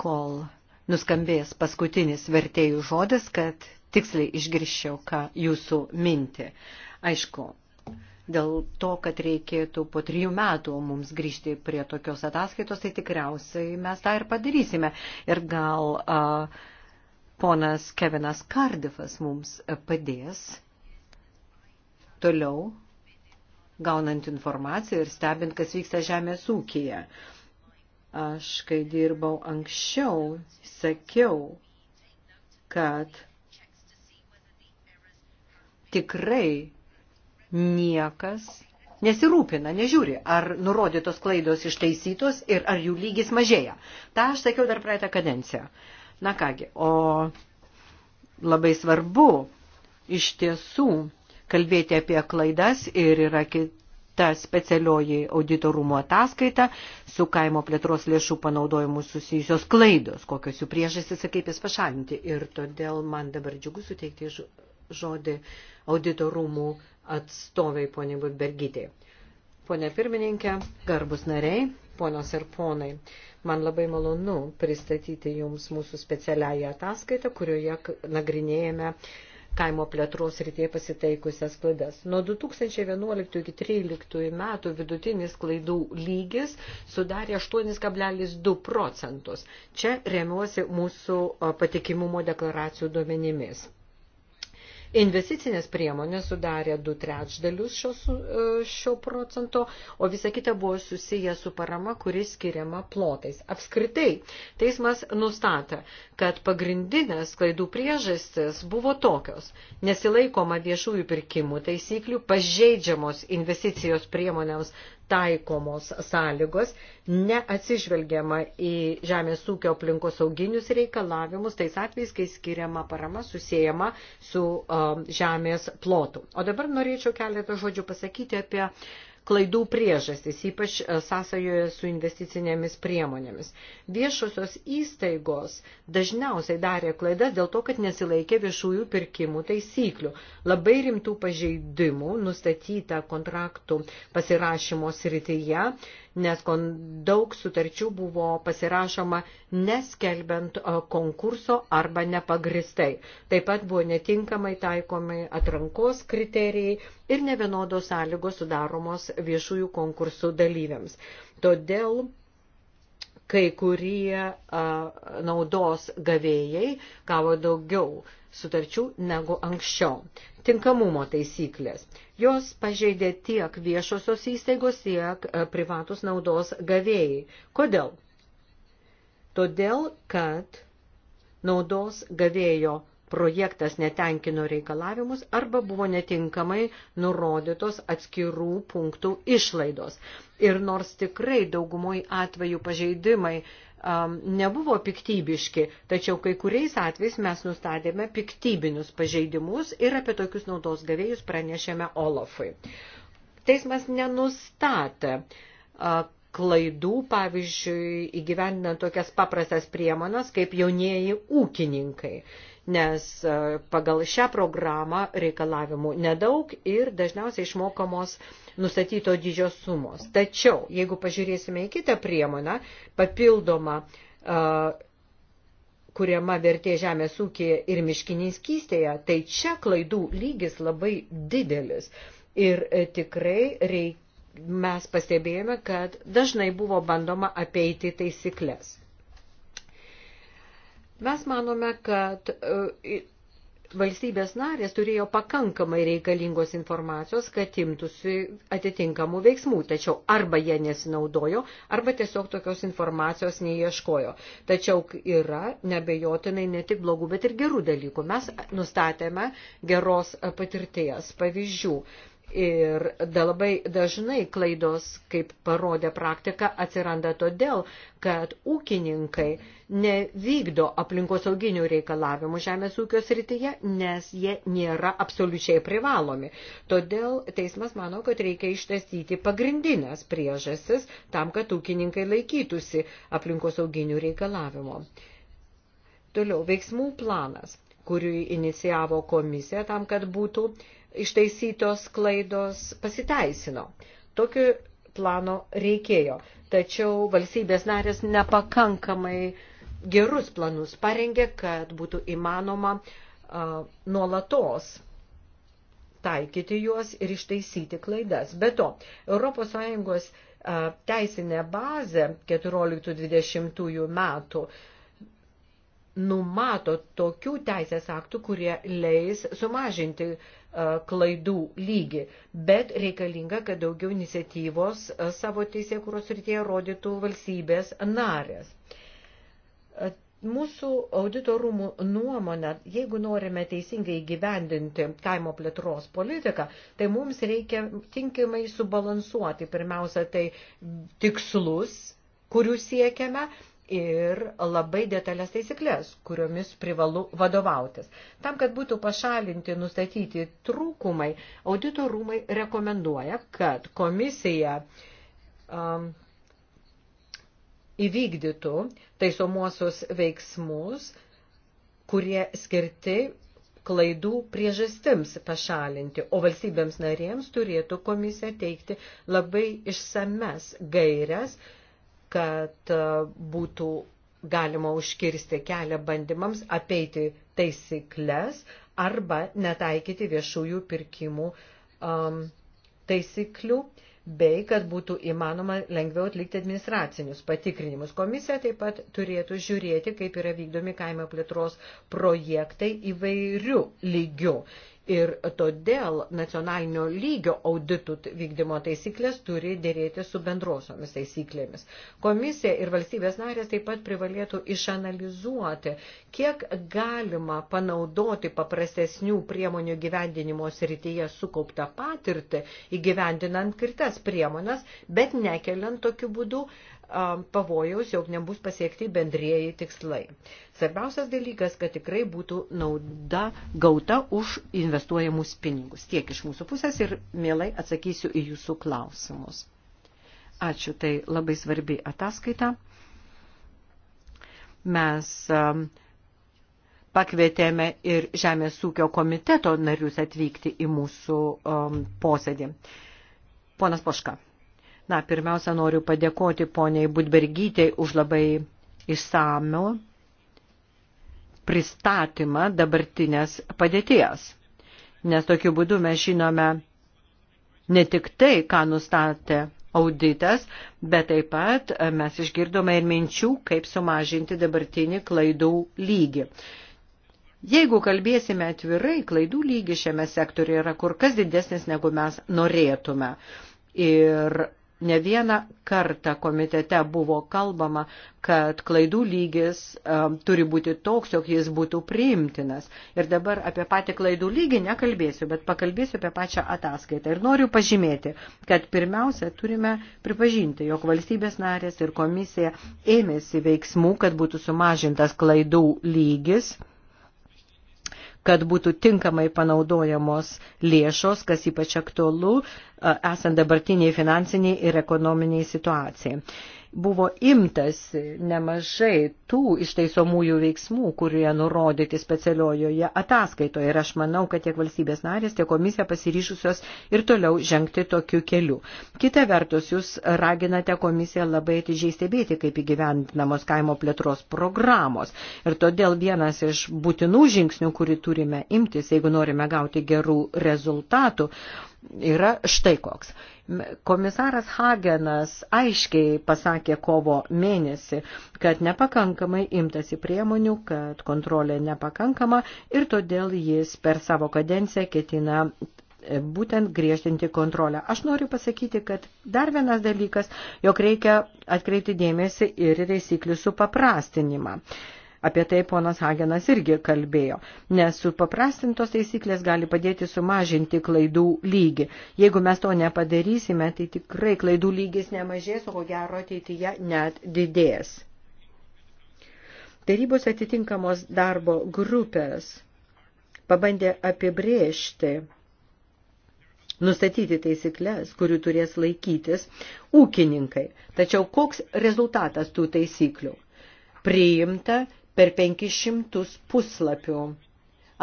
S1: kol nuskambės paskutinis vertėjų žodis, kad tiksliai išgirščiau, ką jūsų minti. Aišku, dėl to, kad reikėtų po trijų metų mums grįžti prie tokios ataskaitos, tai tikriausiai mes tą ir padarysime. Ir gal a, ponas Kevinas Kardifas mums padės Toliau, gaunant informaciją ir stebint, kas vyksta žemės ūkija. Aš, kai dirbau anksčiau, sakiau, kad tikrai niekas nesirūpina, nežiūri, ar nurodytos klaidos ištaisytos ir ar jų lygis mažėja. Ta aš sakiau dar praeitą kadenciją. Na kągi, o labai svarbu iš tiesų kalbėti apie klaidas ir yra kita specialioji auditorumo ataskaita su kaimo plėtros lėšų panaudojimu susijusios klaidos, kokios jų priežastys ir kaip jas pašalinti. Ir todėl man dabar džiugu suteikti žodį auditorumų atstoviai poniai Budbergytėje. Pone pirmininkė, garbus nariai, ponios ir ponai, man labai malonu pristatyti Jums mūsų specialiąją ataskaitą, kurioje nagrinėjame uh, kaimo plėtros rytie pasitaikusias klaidas. Nuo 2011 iki 2013 metų vidutinis klaidų lygis sudarė 8,2 procentus. Čia remiuosi mūsų patikimumo deklaracijų duomenimis. Investicinės priemonės sudarė du trečdalius šio, e, šio procento, o visa kita buvo susiję su parama, kuris skiriama plotais. Apskritai, teismas nustatė, kad pagrindinės klaidų priežastis buvo tokios. Nesilaikoma viešųjų pirkimų taisyklių, pažeidžiamos investicijos priemonėms taikomos sąlygos, neatsižvelgiama į žemės ūkio aplinkos sauginius reikalavimus, tais atvejais, kai skiriama parama susijama su um, žemės plotu. O dabar norėčiau keletą žodžių pasakyti apie uh, klaidų priežastis, ypač e, sąsajoje su investicinėmis priemonėmis. Viešosios įstaigos dažniausiai darė klaidas dėl to, kad nesilaikė viešųjų pirkimų taisyklių. Labai rimtų pažeidimų nustatyta kontraktų pasirašymo srityje nes daug sutarčių buvo pasirašoma neskelbiant e, konkurso arba nepagristai. Taip pat buvo netinkamai taikomi atrankos kriterijai ir nevienodos sąlygos sudaromos viešųjų konkursų dalyviams. Todėl kai kurie a, naudos gavėjai gavo daugiau sutarčių negu anksčiau. Tinkamumo taisyklės. Jos pažeidė tiek viešosios įstaigos, tiek a, privatus naudos gavėjai. Kodėl? Todėl, kad naudos gavėjo projektas netenkino reikalavimus arba buvo netinkamai nurodytos atskirų punktų išlaidos. Ir nors tikrai daugumui atvejų pažeidimai um, nebuvo piktybiški, tačiau kai kuriais atvejais mes nustatėme piktybinius pažeidimus ir apie tokius naudos gavėjus pranešėme Olafui. Teismas nenustatė uh, klaidų, pavyzdžiui, įgyvendinant tokias paprastas priemonas kaip jaunieji ūkininkai. Uh, nes e, pagal šią programą reikalavimų nedaug ir dažniausiai išmokamos nustatyto dydžio sumos. Tačiau, jeigu pažiūrėsime į kitą priemonę, papildomą e, kuriama vertė žemės ūkėje ir miškininkystėje, tai čia klaidų lygis labai didelis. Ir e, tikrai reik, mes pastebėjome, kad dažnai buvo bandoma apeiti taisyklės. Mes manome, kad e, valstybės narės turėjo pakankamai reikalingos informacijos, kad imtųsi atitinkamų veiksmų, tačiau arba jie nesinaudojo, arba tiesiog tokios informacijos neieškojo. Tačiau yra nebejotinai ne tik blogų, bet ir gerų dalykų. Mes nustatėme geros e, patirties pavyzdžių. Ir da labai dažnai klaidos, kaip parodė praktika, atsiranda todėl, kad ūkininkai nevykdo aplinkosauginių reikalavimų žemės ūkio srityje, nes jie nėra absoliučiai privalomi. Todėl teismas mano, kad reikia ištesyti pagrindinės priežasis tam, kad ūkininkai laikytųsi aplinkosauginių reikalavimų. Toliau, veiksmų planas kurį inicijavo komisija tam, kad būtų uh, ištaisytos klaidos pasiteisino. Tokio plano reikėjo, tačiau valstybės narės nepakankamai gerus planus parengė, kad būtų įmanoma a, nuolatos taikyti juos ir ištaisyti klaidas. Be to, ES teisinė bazė 14-20 metų numato tokių teisės aktų, kurie leis sumažinti e, klaidų lygį, bet reikalinga, kad daugiau iniciatyvos e, savo teisėkūros rytėje rodytų valstybės narės. E, mūsų auditorumų nuomonė, jeigu norime teisingai gyvendinti kaimo plėtros politiką, tai mums reikia tinkamai subalansuoti pirmiausia tai tikslus kurių siekiame ir labai detalės taisyklės, kuriomis privalu vadovautis. Tam, kad būtų pašalinti nustatyti trūkumai, audito rūmai rekomenduoja, kad komisija um, įvykdytų taisomuosius veiksmus, kurie skirti klaidų priežastims pašalinti, o valstybėms narėms turėtų komisija teikti labai išsames gairias, kad e, būtų galima užkirsti kelią bandymams apeiti taisyklės arba netaikyti viešųjų pirkimų um, taisyklių bei kad būtų įmanoma lengviau atlikti administracinius patikrinimus. Komisija taip pat turėtų žiūrėti, kaip yra vykdomi kaimo plėtros projektai įvairių lygių ir todėl nacionalinio lygio auditų vykdymo taisyklės turi dėrėti su bendrosomis taisyklėmis. Komisija ir valstybės narės taip pat privalėtų išanalizuoti, kiek galima panaudoti paprastesnių priemonių gyvendinimo srityje sukauptą patirtį įgyvendinant kritas priemonės, bet nekeliant tokiu būdu uh, Um, pavojaus, jog nebus pasiekti bendrėjai tikslai. Svarbiausias dalykas, kad tikrai būtų nauda gauta už investuojamus pinigus. Tiek iš mūsų pusės ir mielai atsakysiu į jūsų klausimus. Ačiū, tai labai svarbi ataskaita. Mes um, pakvietėme ir Žemės ūkio komiteto narius atvykti į mūsų um, posėdį. Ponas Poška. Na, pirmiausia, noriu padėkoti poniai Budbergytei už labai išsamų pristatymą dabartinės padėties. Nes tokiu būdu mes žinome ne tik tai, ką nustatė auditas, bet taip pat e, mes išgirdome ir minčių, kaip sumažinti dabartinį klaidų lygį. Jeigu kalbėsime atvirai, klaidų lygis šiame sektoriuje yra kur kas didesnis, negu mes norėtume. Ir Ne vieną kartą komitete buvo kalbama, kad klaidų lygis um, turi būti toks, jog jis būtų priimtinas. Ir dabar apie patį klaidų lygį nekalbėsiu, bet pakalbėsiu apie pačią ataskaitą. Ir noriu pažymėti, kad pirmiausia turime pripažinti, jog valstybės narės ir komisija ėmėsi veiksmų, kad būtų sumažintas klaidų lygis. Um, kad būtų tinkamai panaudojamos lėšos, kas ypač aktualu e, esant dabartiniai finansiniai ir ekonominiai situacijai buvo imtasi nemažai tų išteisomųjų veiksmų, kurie nurodyti specialiojoje ataskaitoje. Ir aš manau, kad tiek valstybės narės, tiek komisija pasiryšusios ir toliau žengti tokiu keliu. Kita vertus, jūs raginate komisiją labai atidžiai stebėti, kaip įgyvendinamos kaimo plėtros programos. Ir todėl vienas iš būtinų žingsnių, kurį turime imtis, jeigu norime gauti gerų rezultatų, yra štai koks Komisaras Hagenas aiškiai pasakė kovo mėnesį, kad nepakankamai imtasi priemonių, kad kontrolė nepakankama ir todėl jis per savo kadenciją ketina e, būtent griežtinti kontrolę. Aš noriu pasakyti, kad dar vienas dalykas, jog reikia atkreipti dėmesį ir reisyklių supaprastinimą. paprastinimą Apie tai ponas Hagenas irgi kalbėjo, nes supaprastintos taisyklės gali padėti sumažinti klaidų lygį. Jeigu mes to nepadarysime, tai tikrai klaidų lygis nemažės, o ko gero ateityje net didės. Tarybos atitinkamos darbo grupės pabandė apibrėžti nustatyti taisyklės, kurių turės laikytis ūkininkai. Tačiau koks rezultatas tų taisyklių? Priimta per 500 puslapių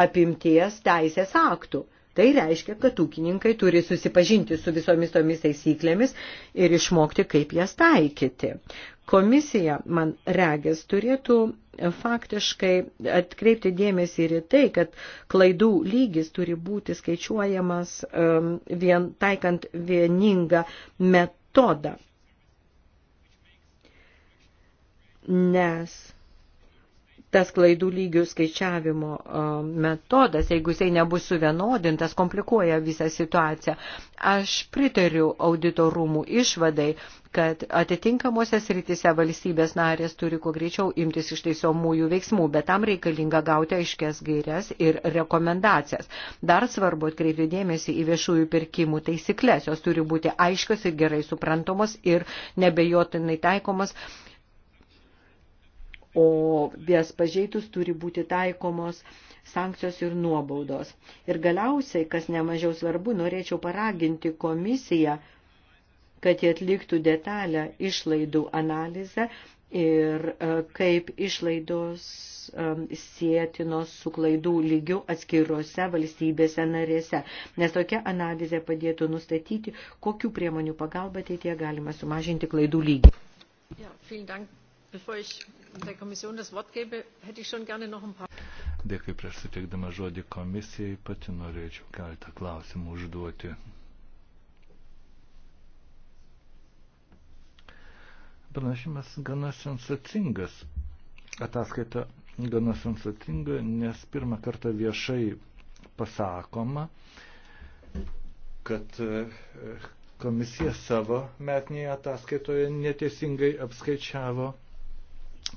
S1: apimties teisės aktų. Tai reiškia, kad ūkininkai turi susipažinti su visomis tomis taisyklėmis ir išmokti, kaip jas taikyti. Komisija, man regės, turėtų faktiškai atkreipti dėmesį ir į tai, kad klaidų lygis turi būti skaičiuojamas um, vien, taikant vieningą metodą. Nes tas klaidų lygių skaičiavimo metodas, jeigu jisai nebus suvienodintas, komplikuoja visą situaciją. Aš pritariu auditorumų išvadai, kad atitinkamuose sritise valstybės narės turi kuo greičiau imtis išteisomųjų veiksmų, bet tam reikalinga gauti aiškias gairias ir rekomendacijas. Dar svarbu atkreipti dėmesį į viešųjų pirkimų taisyklės, jos turi būti aiškios ir gerai suprantamos ir nebejotinai taikomas o jas pažeitus turi būti taikomos sankcijos ir nuobaudos. Ir galiausiai, kas nemažiau svarbu, norėčiau paraginti komisiją, kad jie atliktų detalę išlaidų analizę ir e, kaip išlaidos e, sėtinos su klaidų lygiu atskiruose valstybėse narėse, nes tokia analizė padėtų nustatyti, kokiu priemonių pagalba ateitie galima sumažinti klaidų lygį.
S3: Ja, der Kommission das Wort gebe, hätte ich schon gerne noch ein paar.
S2: Dėkui
S5: prieš suteikdama žodį komisijai, pati norėčiau keltą klausimų užduoti. Panašymas gana sensacingas. Ataskaita gana sensacinga, nes pirmą kartą viešai pasakoma, kad e, komisija savo metinėje ataskaitoje neteisingai apskaičiavo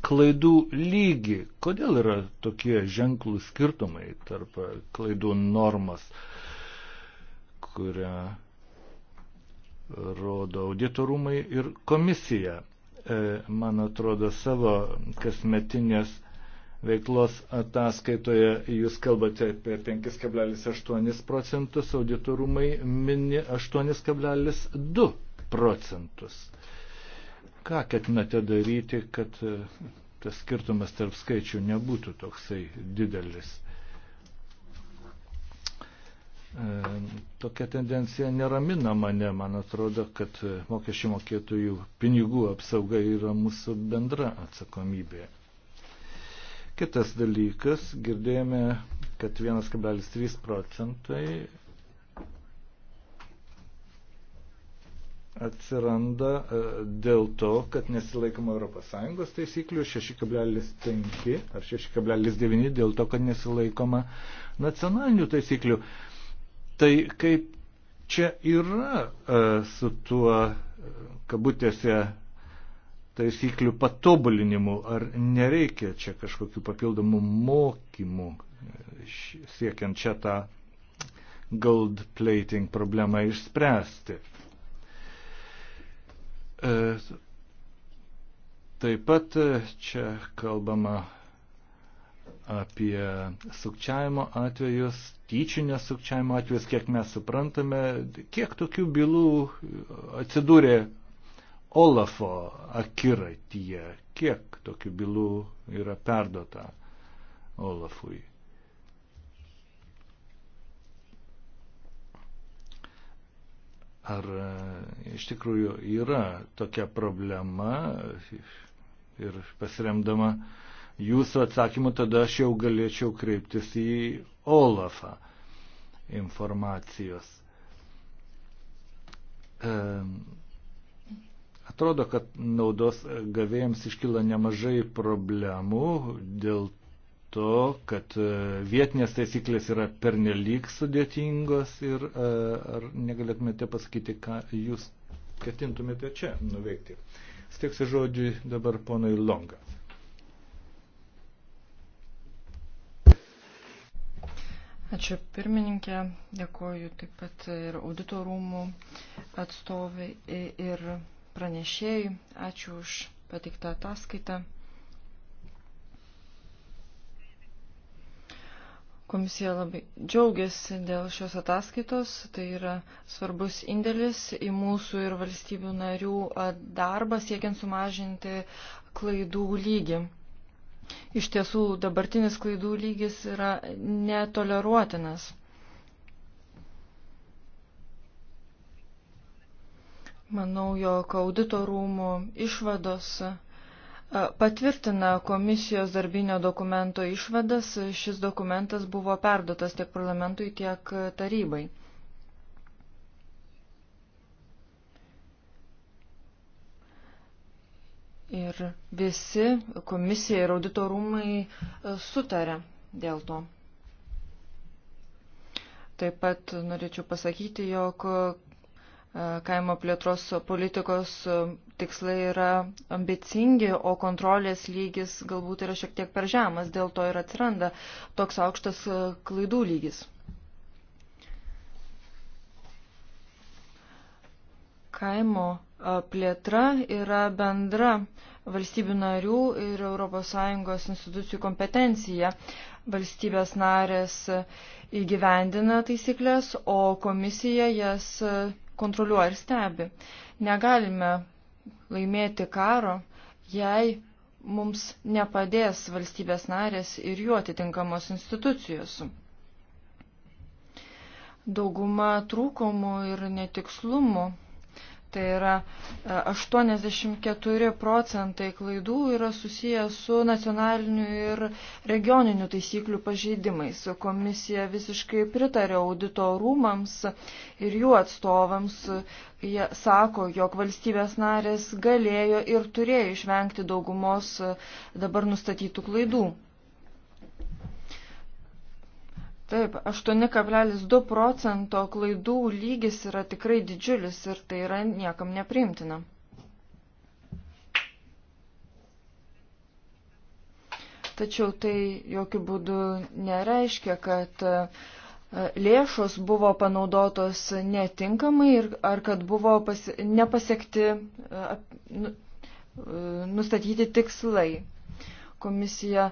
S5: klaidų lygį. Kodėl yra tokie ženklų skirtumai tarp klaidų normas, kurią rodo auditorumai ir komisija. E, man atrodo, savo kasmetinės veiklos ataskaitoje jūs kalbate apie 5,8 procentus, auditorumai mini 8,2 procentus. Ką ketinate daryti, kad e, tas skirtumas tarp skaičių nebūtų toksai didelis? E, tokia tendencija neramina mane, man atrodo, kad e, mokesčių mokėtojų pinigų apsauga yra mūsų bendra atsakomybė. Kitas dalykas, girdėjome, kad 1,3 procentai atsiranda e, dėl to, kad nesilaikoma ES taisyklių 6,5 ar 6,9 dėl to, kad nesilaikoma nacionalinių taisyklių. Tai kaip čia yra e, su tuo, e, kabutėse, taisyklių patobulinimu, ar nereikia čia kažkokių papildomų mokymų siekiant čia tą gold plating problemą išspręsti. E, taip pat e, čia kalbama apie sukčiavimo atvejus, tyčinio sukčiavimo atvejus, kiek mes suprantame, kiek tokių bylų atsidūrė Olafo akiratyje, kiek tokių bylų yra perdota Olafui. ar e, iš tikrųjų yra tokia problema ir pasiremdama jūsų atsakymu, tada aš jau galėčiau kreiptis į Olafą informacijos. E, atrodo, kad naudos gavėjams iškyla nemažai problemų dėl to, kad e, vietinės taisyklės yra pernelyg sudėtingos ir e, ar negalėtumėte pasakyti, ką jūs ketintumėte čia nuveikti. Steiksiu žodžiu dabar ponui Longa.
S4: Ačiū pirmininkė, dėkoju taip pat ir auditorumų atstovai ir pranešėjai. Ačiū už pateiktą ataskaitą. Komisija labai džiaugiasi dėl šios ataskaitos, tai yra svarbus indėlis į mūsų ir valstybių narių darbą siekiant sumažinti klaidų lygį. Iš tiesų dabartinis klaidų lygis yra netoleruotinas. Manau, jog audito rūmų išvados patvirtina komisijos darbinio dokumento išvadas. Šis dokumentas buvo perdotas tiek parlamentui, tiek tarybai. Ir visi komisija ir auditorumai sutarė dėl to. Taip pat norėčiau pasakyti, jog E, kaimo plėtros politikos e, tikslai yra ambicingi, o kontrolės lygis galbūt yra šiek tiek per žemas, dėl to ir atsiranda toks aukštas e, klaidų lygis. Kaimo plėtra yra bendra valstybių narių ir ES institucijų kompetencija. Valstybės narės įgyvendina taisyklės, o komisija jas kontroliuoja ir stebi. Negalime laimėti karo, jei mums nepadės valstybės narės ir jų atitinkamos institucijos. Dauguma trūkumų ir netikslumų Tai yra 84 e, procentai klaidų yra susiję su nacionaliniu ir regioniniu taisyklių pažeidimais. Komisija visiškai pritarė audito rūmams ir jų atstovams. Jie sako, jog valstybės narės galėjo ir turėjo išvengti daugumos dabar nustatytų klaidų. Taip, 8,2 procento klaidų lygis yra tikrai didžiulis ir tai yra niekam nepriimtina. Tačiau tai jokių būdų nereiškia, kad e, lėšos buvo panaudotos netinkamai ir, ar kad buvo pas, nepasiekti e, nu, e, nustatyti tikslai. Komisija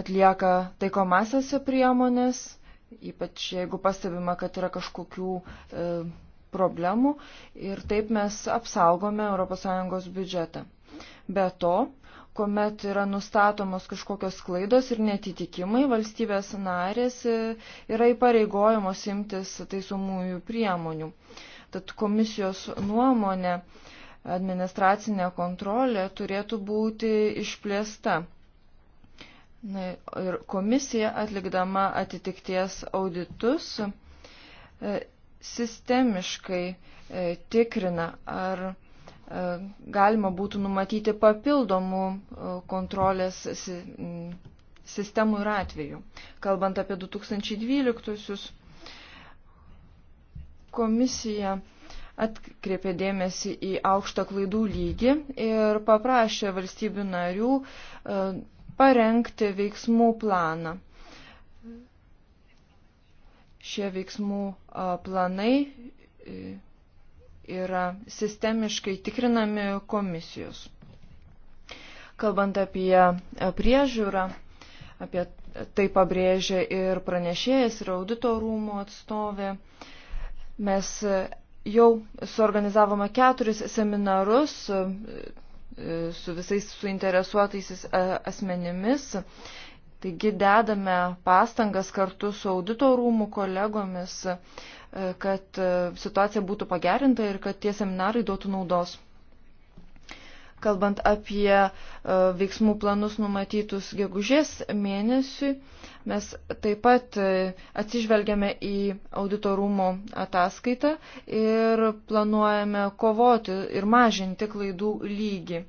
S4: atlieka taikomasiose priemonės, ypač jeigu pastebima, kad yra kažkokių e, problemų ir taip mes apsaugome ES biudžetą. Be to, kuomet yra nustatomos kažkokios klaidos ir netitikimai, valstybės narės e, yra įpareigojamos imtis taisomųjų priemonių. Tad komisijos nuomonė administracinė kontrolė turėtų būti išplėsta. Na, ir komisija atlikdama atitikties auditus e, sistemiškai e, tikrina, ar e, galima būtų numatyti papildomų kontrolės sistemų ir atvejų. Kalbant apie 2012, komisija atkreipė dėmesį į aukštą klaidų lygį ir paprašė valstybių narių parengti veiksmų planą. Šie veiksmų planai yra sistemiškai tikrinami komisijos. Kalbant apie priežiūrą, apie tai pabrėžia ir pranešėjas, ir audito rūmų atstovė, mes jau suorganizavome keturis seminarus su visais suinteresuotais asmenimis. Taigi dedame pastangas kartu su audito rūmų kolegomis, kad situacija būtų pagerinta ir kad tie seminarai duotų naudos. Kalbant apie veiksmų planus numatytus gegužės mėnesiui, Mes taip pat e, atsižvelgiame į auditorumų ataskaitą ir planuojame kovoti ir mažinti klaidų lygį.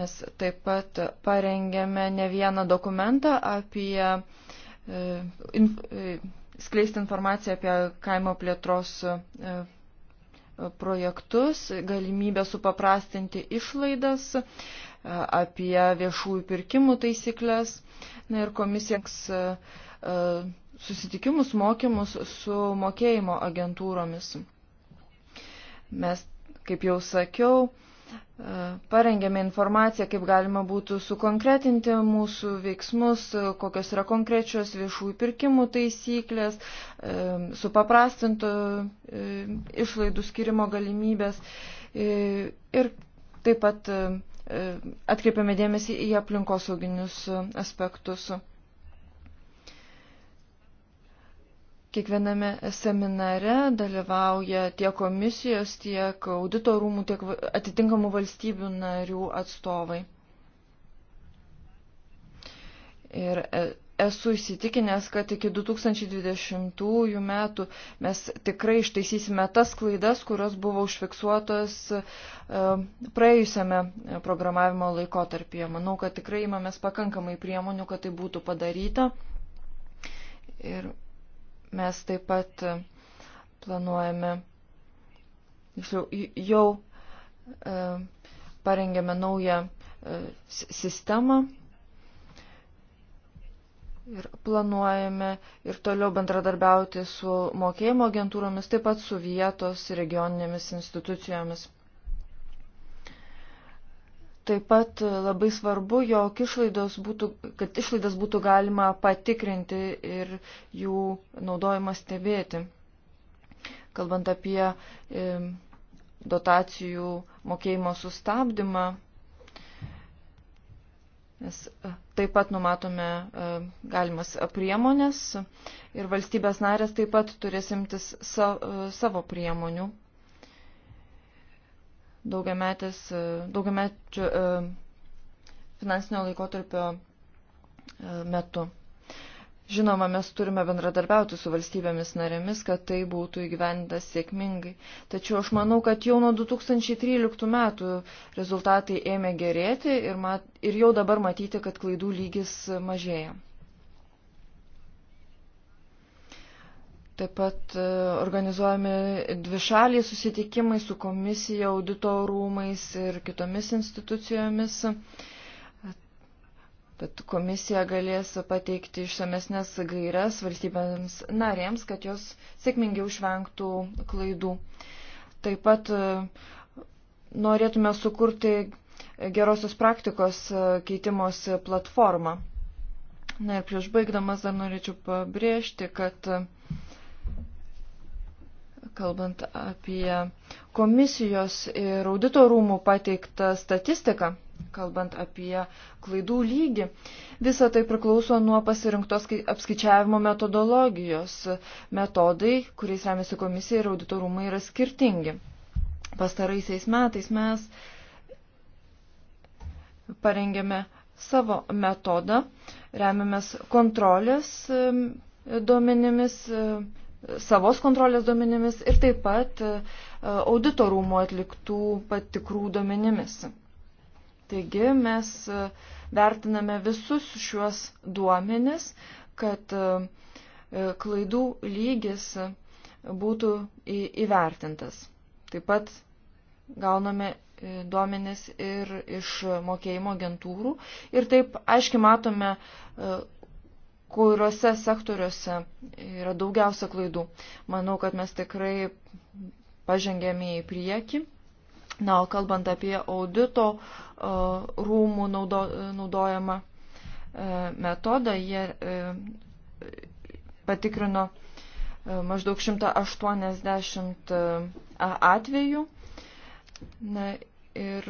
S4: Mes taip pat parengėme ne vieną dokumentą apie e, e, skleisti informaciją apie kaimo plėtros projektus, galimybę supaprastinti išlaidas, e, apie viešųjų pirkimų taisyklės. Na ir komisijaks e, e, susitikimus, mokymus su mokėjimo agentūromis. Mes, kaip jau sakiau, parengėme informaciją, kaip galima būtų sukonkretinti mūsų veiksmus, kokios yra konkrečios viešųjų pirkimų taisyklės, supaprastinto išlaidų skirimo galimybės e, ir taip pat e, atkreipiame dėmesį į aplinkosauginius aspektus. Kiekviename seminare dalyvauja tiek komisijos, tiek auditorumų, tiek atitinkamų valstybių narių atstovai. Ir e, esu įsitikinęs, kad iki 2020 metų mes tikrai ištaisysime tas klaidas, kurios buvo užfiksuotos e, praėjusiame programavimo laikotarpyje. Manau, kad tikrai imamės pakankamai priemonių, kad tai būtų padaryta. Ir Mes taip pat e, planuojame, jau e, parengėme naują e, sistemą ir planuojame ir toliau bendradarbiauti su mokėjimo agentūromis, taip pat su vietos regioninėmis institucijomis. Taip pat labai svarbu, jog išlaidos būtų, kad išlaidas būtų galima patikrinti ir jų naudojimą stebėti. Kalbant apie dotacijų mokėjimo sustabdymą, mes e, taip pat numatome e, galimas priemonės ir valstybės narės taip pat turės imtis e, savo priemonių daugiametės, e, daugiamečio e, finansinio laikotarpio e, metu. Žinoma, mes turime bendradarbiauti su valstybėmis narėmis, kad tai būtų įgyvendinta sėkmingai. Tačiau aš manau, kad jau nuo 2013 metų rezultatai ėmė gerėti ir, mat, ir jau dabar matyti, kad klaidų lygis mažėja. Taip pat e, organizuojami dvišaliai susitikimai su komisija, audito rūmais ir kitomis institucijomis. Tad komisija galės pateikti išsamesnės gairias valstybėms narėms, kad jos sėkmingiau išvengtų klaidų. Taip pat e, norėtume sukurti gerosios praktikos e, keitimos platformą. Na ir prieš baigdamas dar norėčiau pabrėžti, kad kalbant apie komisijos ir audito rūmų pateiktą statistiką, kalbant apie klaidų lygį. Visa tai priklauso nuo pasirinktos apskaičiavimo metodologijos. Metodai, kuriais remiasi komisija ir audito rūmai, yra skirtingi. Pastaraisiais metais mes parengėme savo metodą, remiamės kontrolės duomenimis savos kontrolės duomenimis ir taip pat e, auditorumo atliktų patikrų duomenimis. Taigi mes e, vertiname visus šiuos duomenis, kad e, klaidų lygis būtų įvertintas. Taip pat gauname duomenis ir iš mokėjimo agentūrų ir taip aiškiai matome, kuriuose sektoriuose yra daugiausia klaidų. Manau, kad mes tikrai pažengėme į priekį. Na, o kalbant apie audito e, rūmų naudo, naudojamą e, metodą, jie e, patikrino maždaug 180 atvejų. Na, ir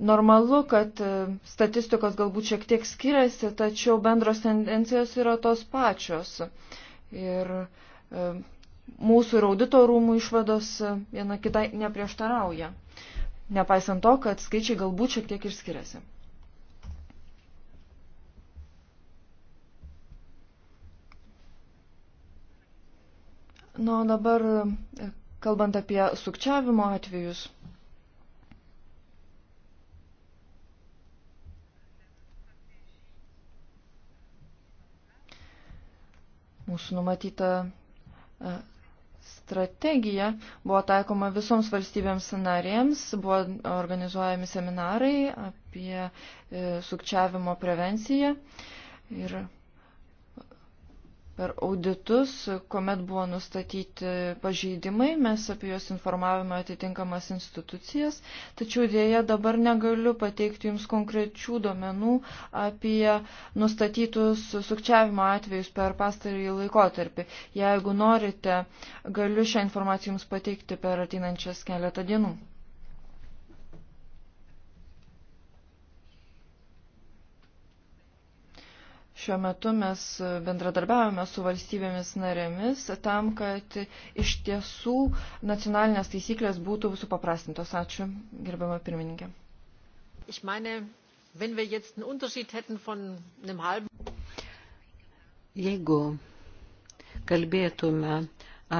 S4: Normalu, kad e, statistikos galbūt šiek tiek skiriasi, tačiau bendros tendencijos yra tos pačios. Ir e, mūsų ir audito rūmų išvados e, viena kitai neprieštarauja. Nepaisant to, kad skaičiai galbūt šiek tiek ir skiriasi. Na, nu, dabar kalbant apie sukčiavimo atvejus. Mūsų numatyta e, strategija buvo taikoma visoms valstybėms narėms, buvo organizuojami seminarai apie e, sukčiavimo prevenciją. Ir per auditus, kuomet buvo nustatyti pažeidimai, mes apie juos informavome atitinkamas institucijas, tačiau dėja dabar negaliu pateikti Jums konkrečių duomenų apie nustatytus sukčiavimo atvejus per pastarį laikotarpį. Jeigu norite, galiu šią informaciją Jums pateikti per ateinančias keletą dienų. Šiuo metu mes bendradarbiavame su valstybėmis narėmis tam, kad iš tiesų nacionalinės taisyklės būtų supaprastintos. Ačiū, gerbama pirmininkė.
S1: Jeigu kalbėtume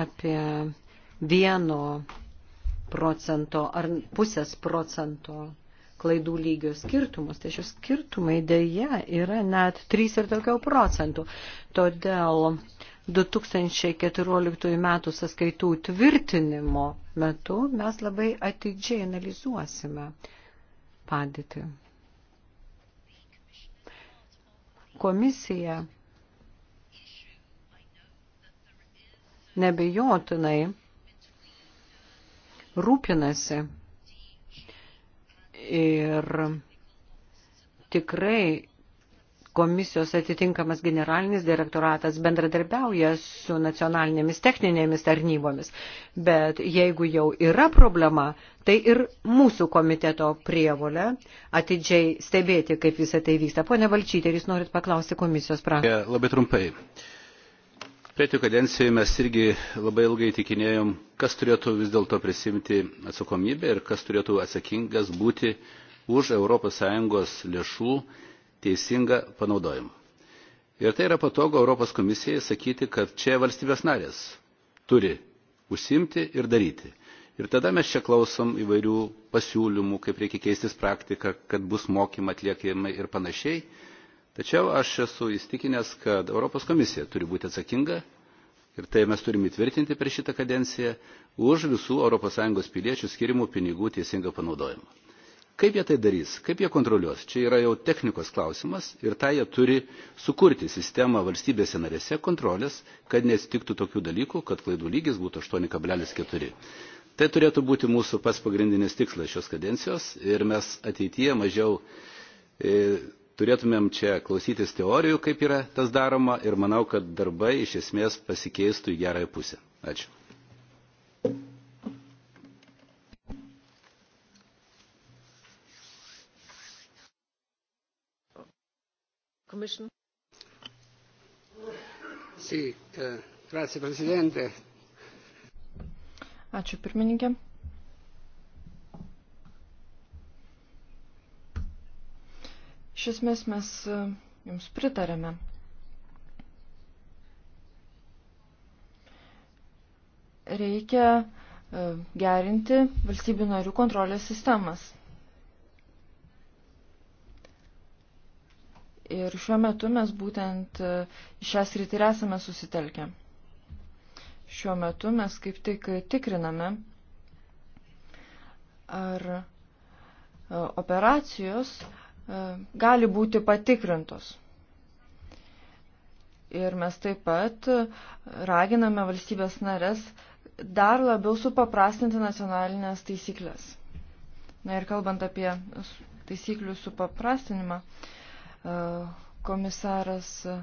S1: apie vieno procento ar pusės procento klaidų lygio skirtumus, tai šios skirtumai dėja yra net 3 ir daugiau procentų. Todėl 2014 metų sąskaitų tvirtinimo metu mes labai atidžiai analizuosime padėtį. Komisija nebejotinai rūpinasi Ir tikrai komisijos atitinkamas generalinis direktoratas bendradarbiauja su nacionalinėmis techninėmis tarnybomis. Bet jeigu jau yra problema, tai ir mūsų komiteto prievolė atidžiai stebėti, kaip visą tai vyksta. Pone Valčytė, jūs norit paklausti komisijos prašymą?
S2: Labai trumpai. Uh, Praeitį kadencijoje mes irgi labai ilgai tikinėjom, kas turėtų vis dėlto prisimti atsakomybę ir kas turėtų atsakingas būti už ES lėšų teisingą panaudojimą. Ir tai yra patogu Europos komisijai sakyti, kad čia valstybės narės turi užsimti ir daryti. Ir tada mes čia klausom įvairių pasiūlymų, kaip reikia keistis praktiką, kad bus mokymai atliekami ir panašiai. Tačiau aš esu įstikinęs, kad Europos komisija turi būti atsakinga ir tai mes turime įtvirtinti per šitą kadenciją už visų ES piliečių skirimų pinigų teisingą panaudojimą. Kaip jie tai darys, kaip jie kontroliuos, čia yra jau technikos klausimas ir tą jie turi sukurti sistemą valstybėse narėse kontrolės, kad nesitiktų tokių dalykų, kad klaidų lygis būtų 8,4. Tai turėtų būti mūsų pas pagrindinis tikslas šios kadencijos ir mes ateityje mažiau e, turėtumėm čia klausytis teorijų, kaip yra tas daroma ir manau, kad darbai iš esmės pasikeistų į gerąją pusę. Ačiū.
S3: Commission.
S5: Sì, eh, grazie Presidente.
S3: Ačiū pirmininkė.
S4: Iš esmės mes e, jums pritarėme. Reikia e, gerinti valstybių narių kontrolės sistemas. Ir šiuo metu mes būtent e, šią sritį ir esame susitelkę. Šiuo metu mes kaip tik tikriname, ar operacijos E, gali būti patikrintos. Ir mes taip pat raginame valstybės narės dar labiau supaprastinti nacionalinės taisyklės. Na ir kalbant apie taisyklių supaprastinimą, e, komisaras e,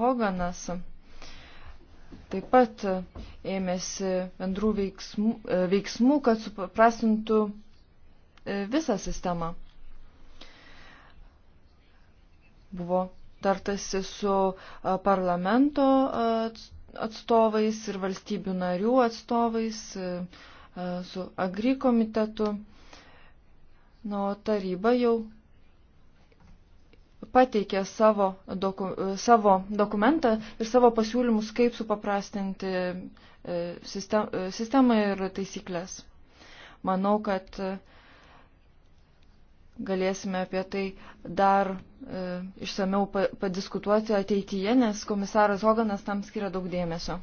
S4: Hoganas taip pat ėmėsi bendrų veiksmų, veiksmų kad supaprastintų visą sistemą. Buvo tartasi su parlamento atstovais ir valstybių narių atstovais, su agri komitetu. Na, o taryba jau pateikė savo, doku, savo dokumentą ir savo pasiūlymus, kaip supaprastinti e, e, sistemą ir taisyklės. Manau, kad galėsime apie tai dar e, išsameu padiskutuoti ateityje, nes komisaras Hoganas tam skiria daug dėmesio.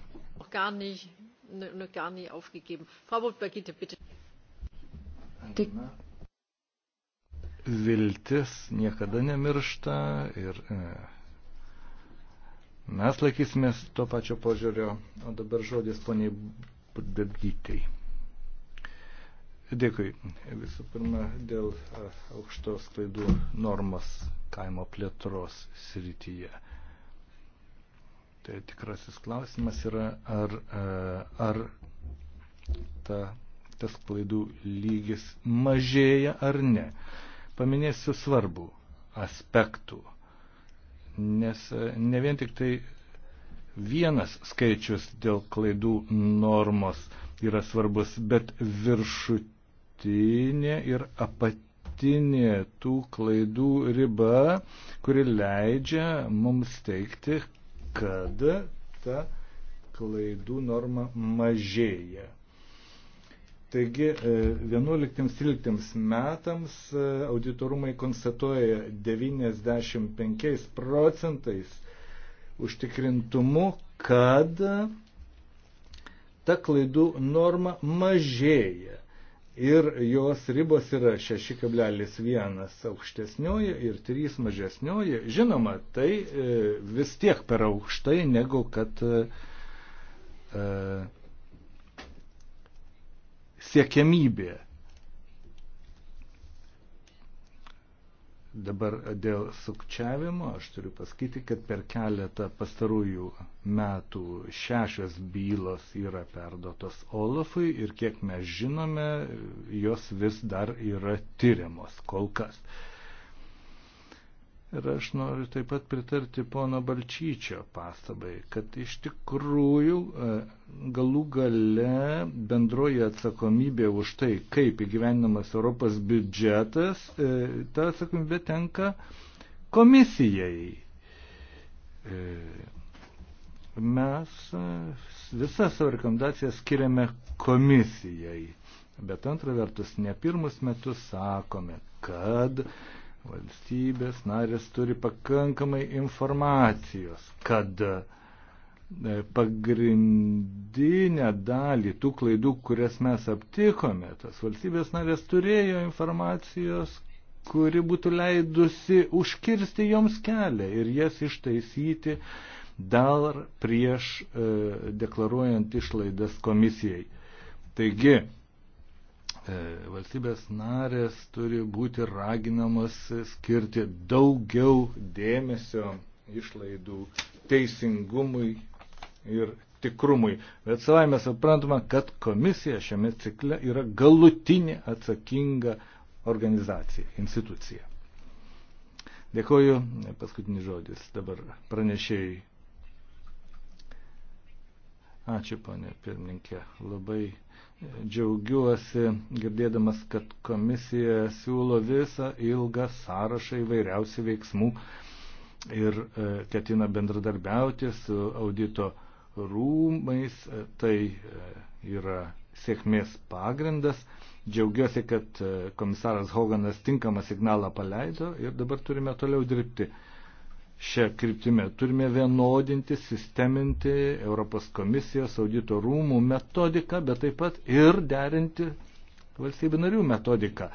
S3: Tik
S5: viltis niekada nemiršta ir e, mes laikysimės to pačio požiūrio, o dabar žodis poniai Budabgytei. Dėkui. Visų pirma, dėl aukštos klaidų normos kaimo plėtros srityje. Tai tikrasis klausimas yra, ar, ar ta, tas klaidų lygis mažėja ar ne. Paminėsiu svarbų aspektų, nes ne vien tik tai vienas skaičius dėl klaidų normos yra svarbus, bet viršut viršutinė ir apatinė tų klaidų riba, kuri leidžia mums teikti, kad ta klaidų norma mažėja. Taigi 11-13 e, metams e, auditorumai konstatuoja 95 procentais užtikrintumu, kad ta klaidų norma mažėja ir jos ribos yra 6,1 aukštesnioji ir 3 mažesnioji. Žinoma, tai e, vis tiek per aukštai, negu kad e, e, siekiamybė. Dabar dėl sukčiavimo aš turiu pasakyti, kad per keletą pastarųjų metų šešios bylos yra perdotos Olafui ir kiek mes žinome, jos vis dar yra tyriamos kol kas. Ir aš noriu taip pat pritarti pono Balčyčio pastabai, kad iš tikrųjų e, galų gale bendroji atsakomybė už tai, kaip įgyvenimas Europos biudžetas, e, ta atsakomybė tenka komisijai. E, mes visas savo rekomendacijas skiriame komisijai. Bet antra vertus, ne pirmus metus sakome, kad uh, valstybės narės turi pakankamai informacijos, kad e, pagrindinę dalį tų klaidų, kurias mes aptikome, tas valstybės narės turėjo informacijos, kuri būtų leidusi užkirsti joms kelią ir jas ištaisyti dar prieš e, deklaruojant išlaidas komisijai. Taigi, E, valstybės narės turi būti raginamas skirti daugiau dėmesio išlaidų teisingumui ir tikrumui. Bet savaime suprantama, kad komisija šiame cikle yra galutinė atsakinga organizacija, institucija. Dėkoju, paskutinis žodis dabar pranešėjai. Ačiū, ponė pirmininkė, labai Džiaugiuosi girdėdamas, kad komisija siūlo visą ilgą sąrašą įvairiausių veiksmų ir e, ketina bendradarbiauti su audito rūmais. E, tai e, yra sėkmės pagrindas. Džiaugiuosi, kad komisaras Hoganas tinkamą signalą paleido ir dabar turime toliau dirbti šią kryptimę. Turime vienodinti, sisteminti Europos komisijos audito rūmų metodiką, bet taip pat ir derinti valstybių narių metodiką.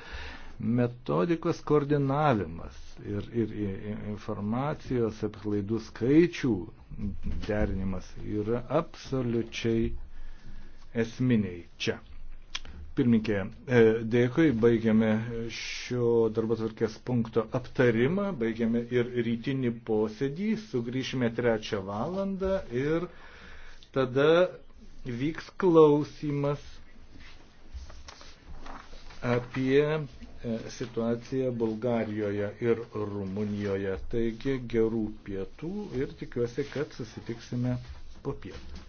S5: Metodikos koordinavimas ir, ir, ir informacijos apie klaidų skaičių derinimas yra absoliučiai esminiai čia. Pirminkė, e, dėkui, baigiame šio darbo tvarkės punkto aptarimą, baigiame ir rytinį posėdį, sugrįšime trečią valandą ir tada vyks klausimas apie e, situaciją Bulgarijoje ir Rumunijoje. Taigi gerų pietų ir tikiuosi, kad susitiksime po pietų.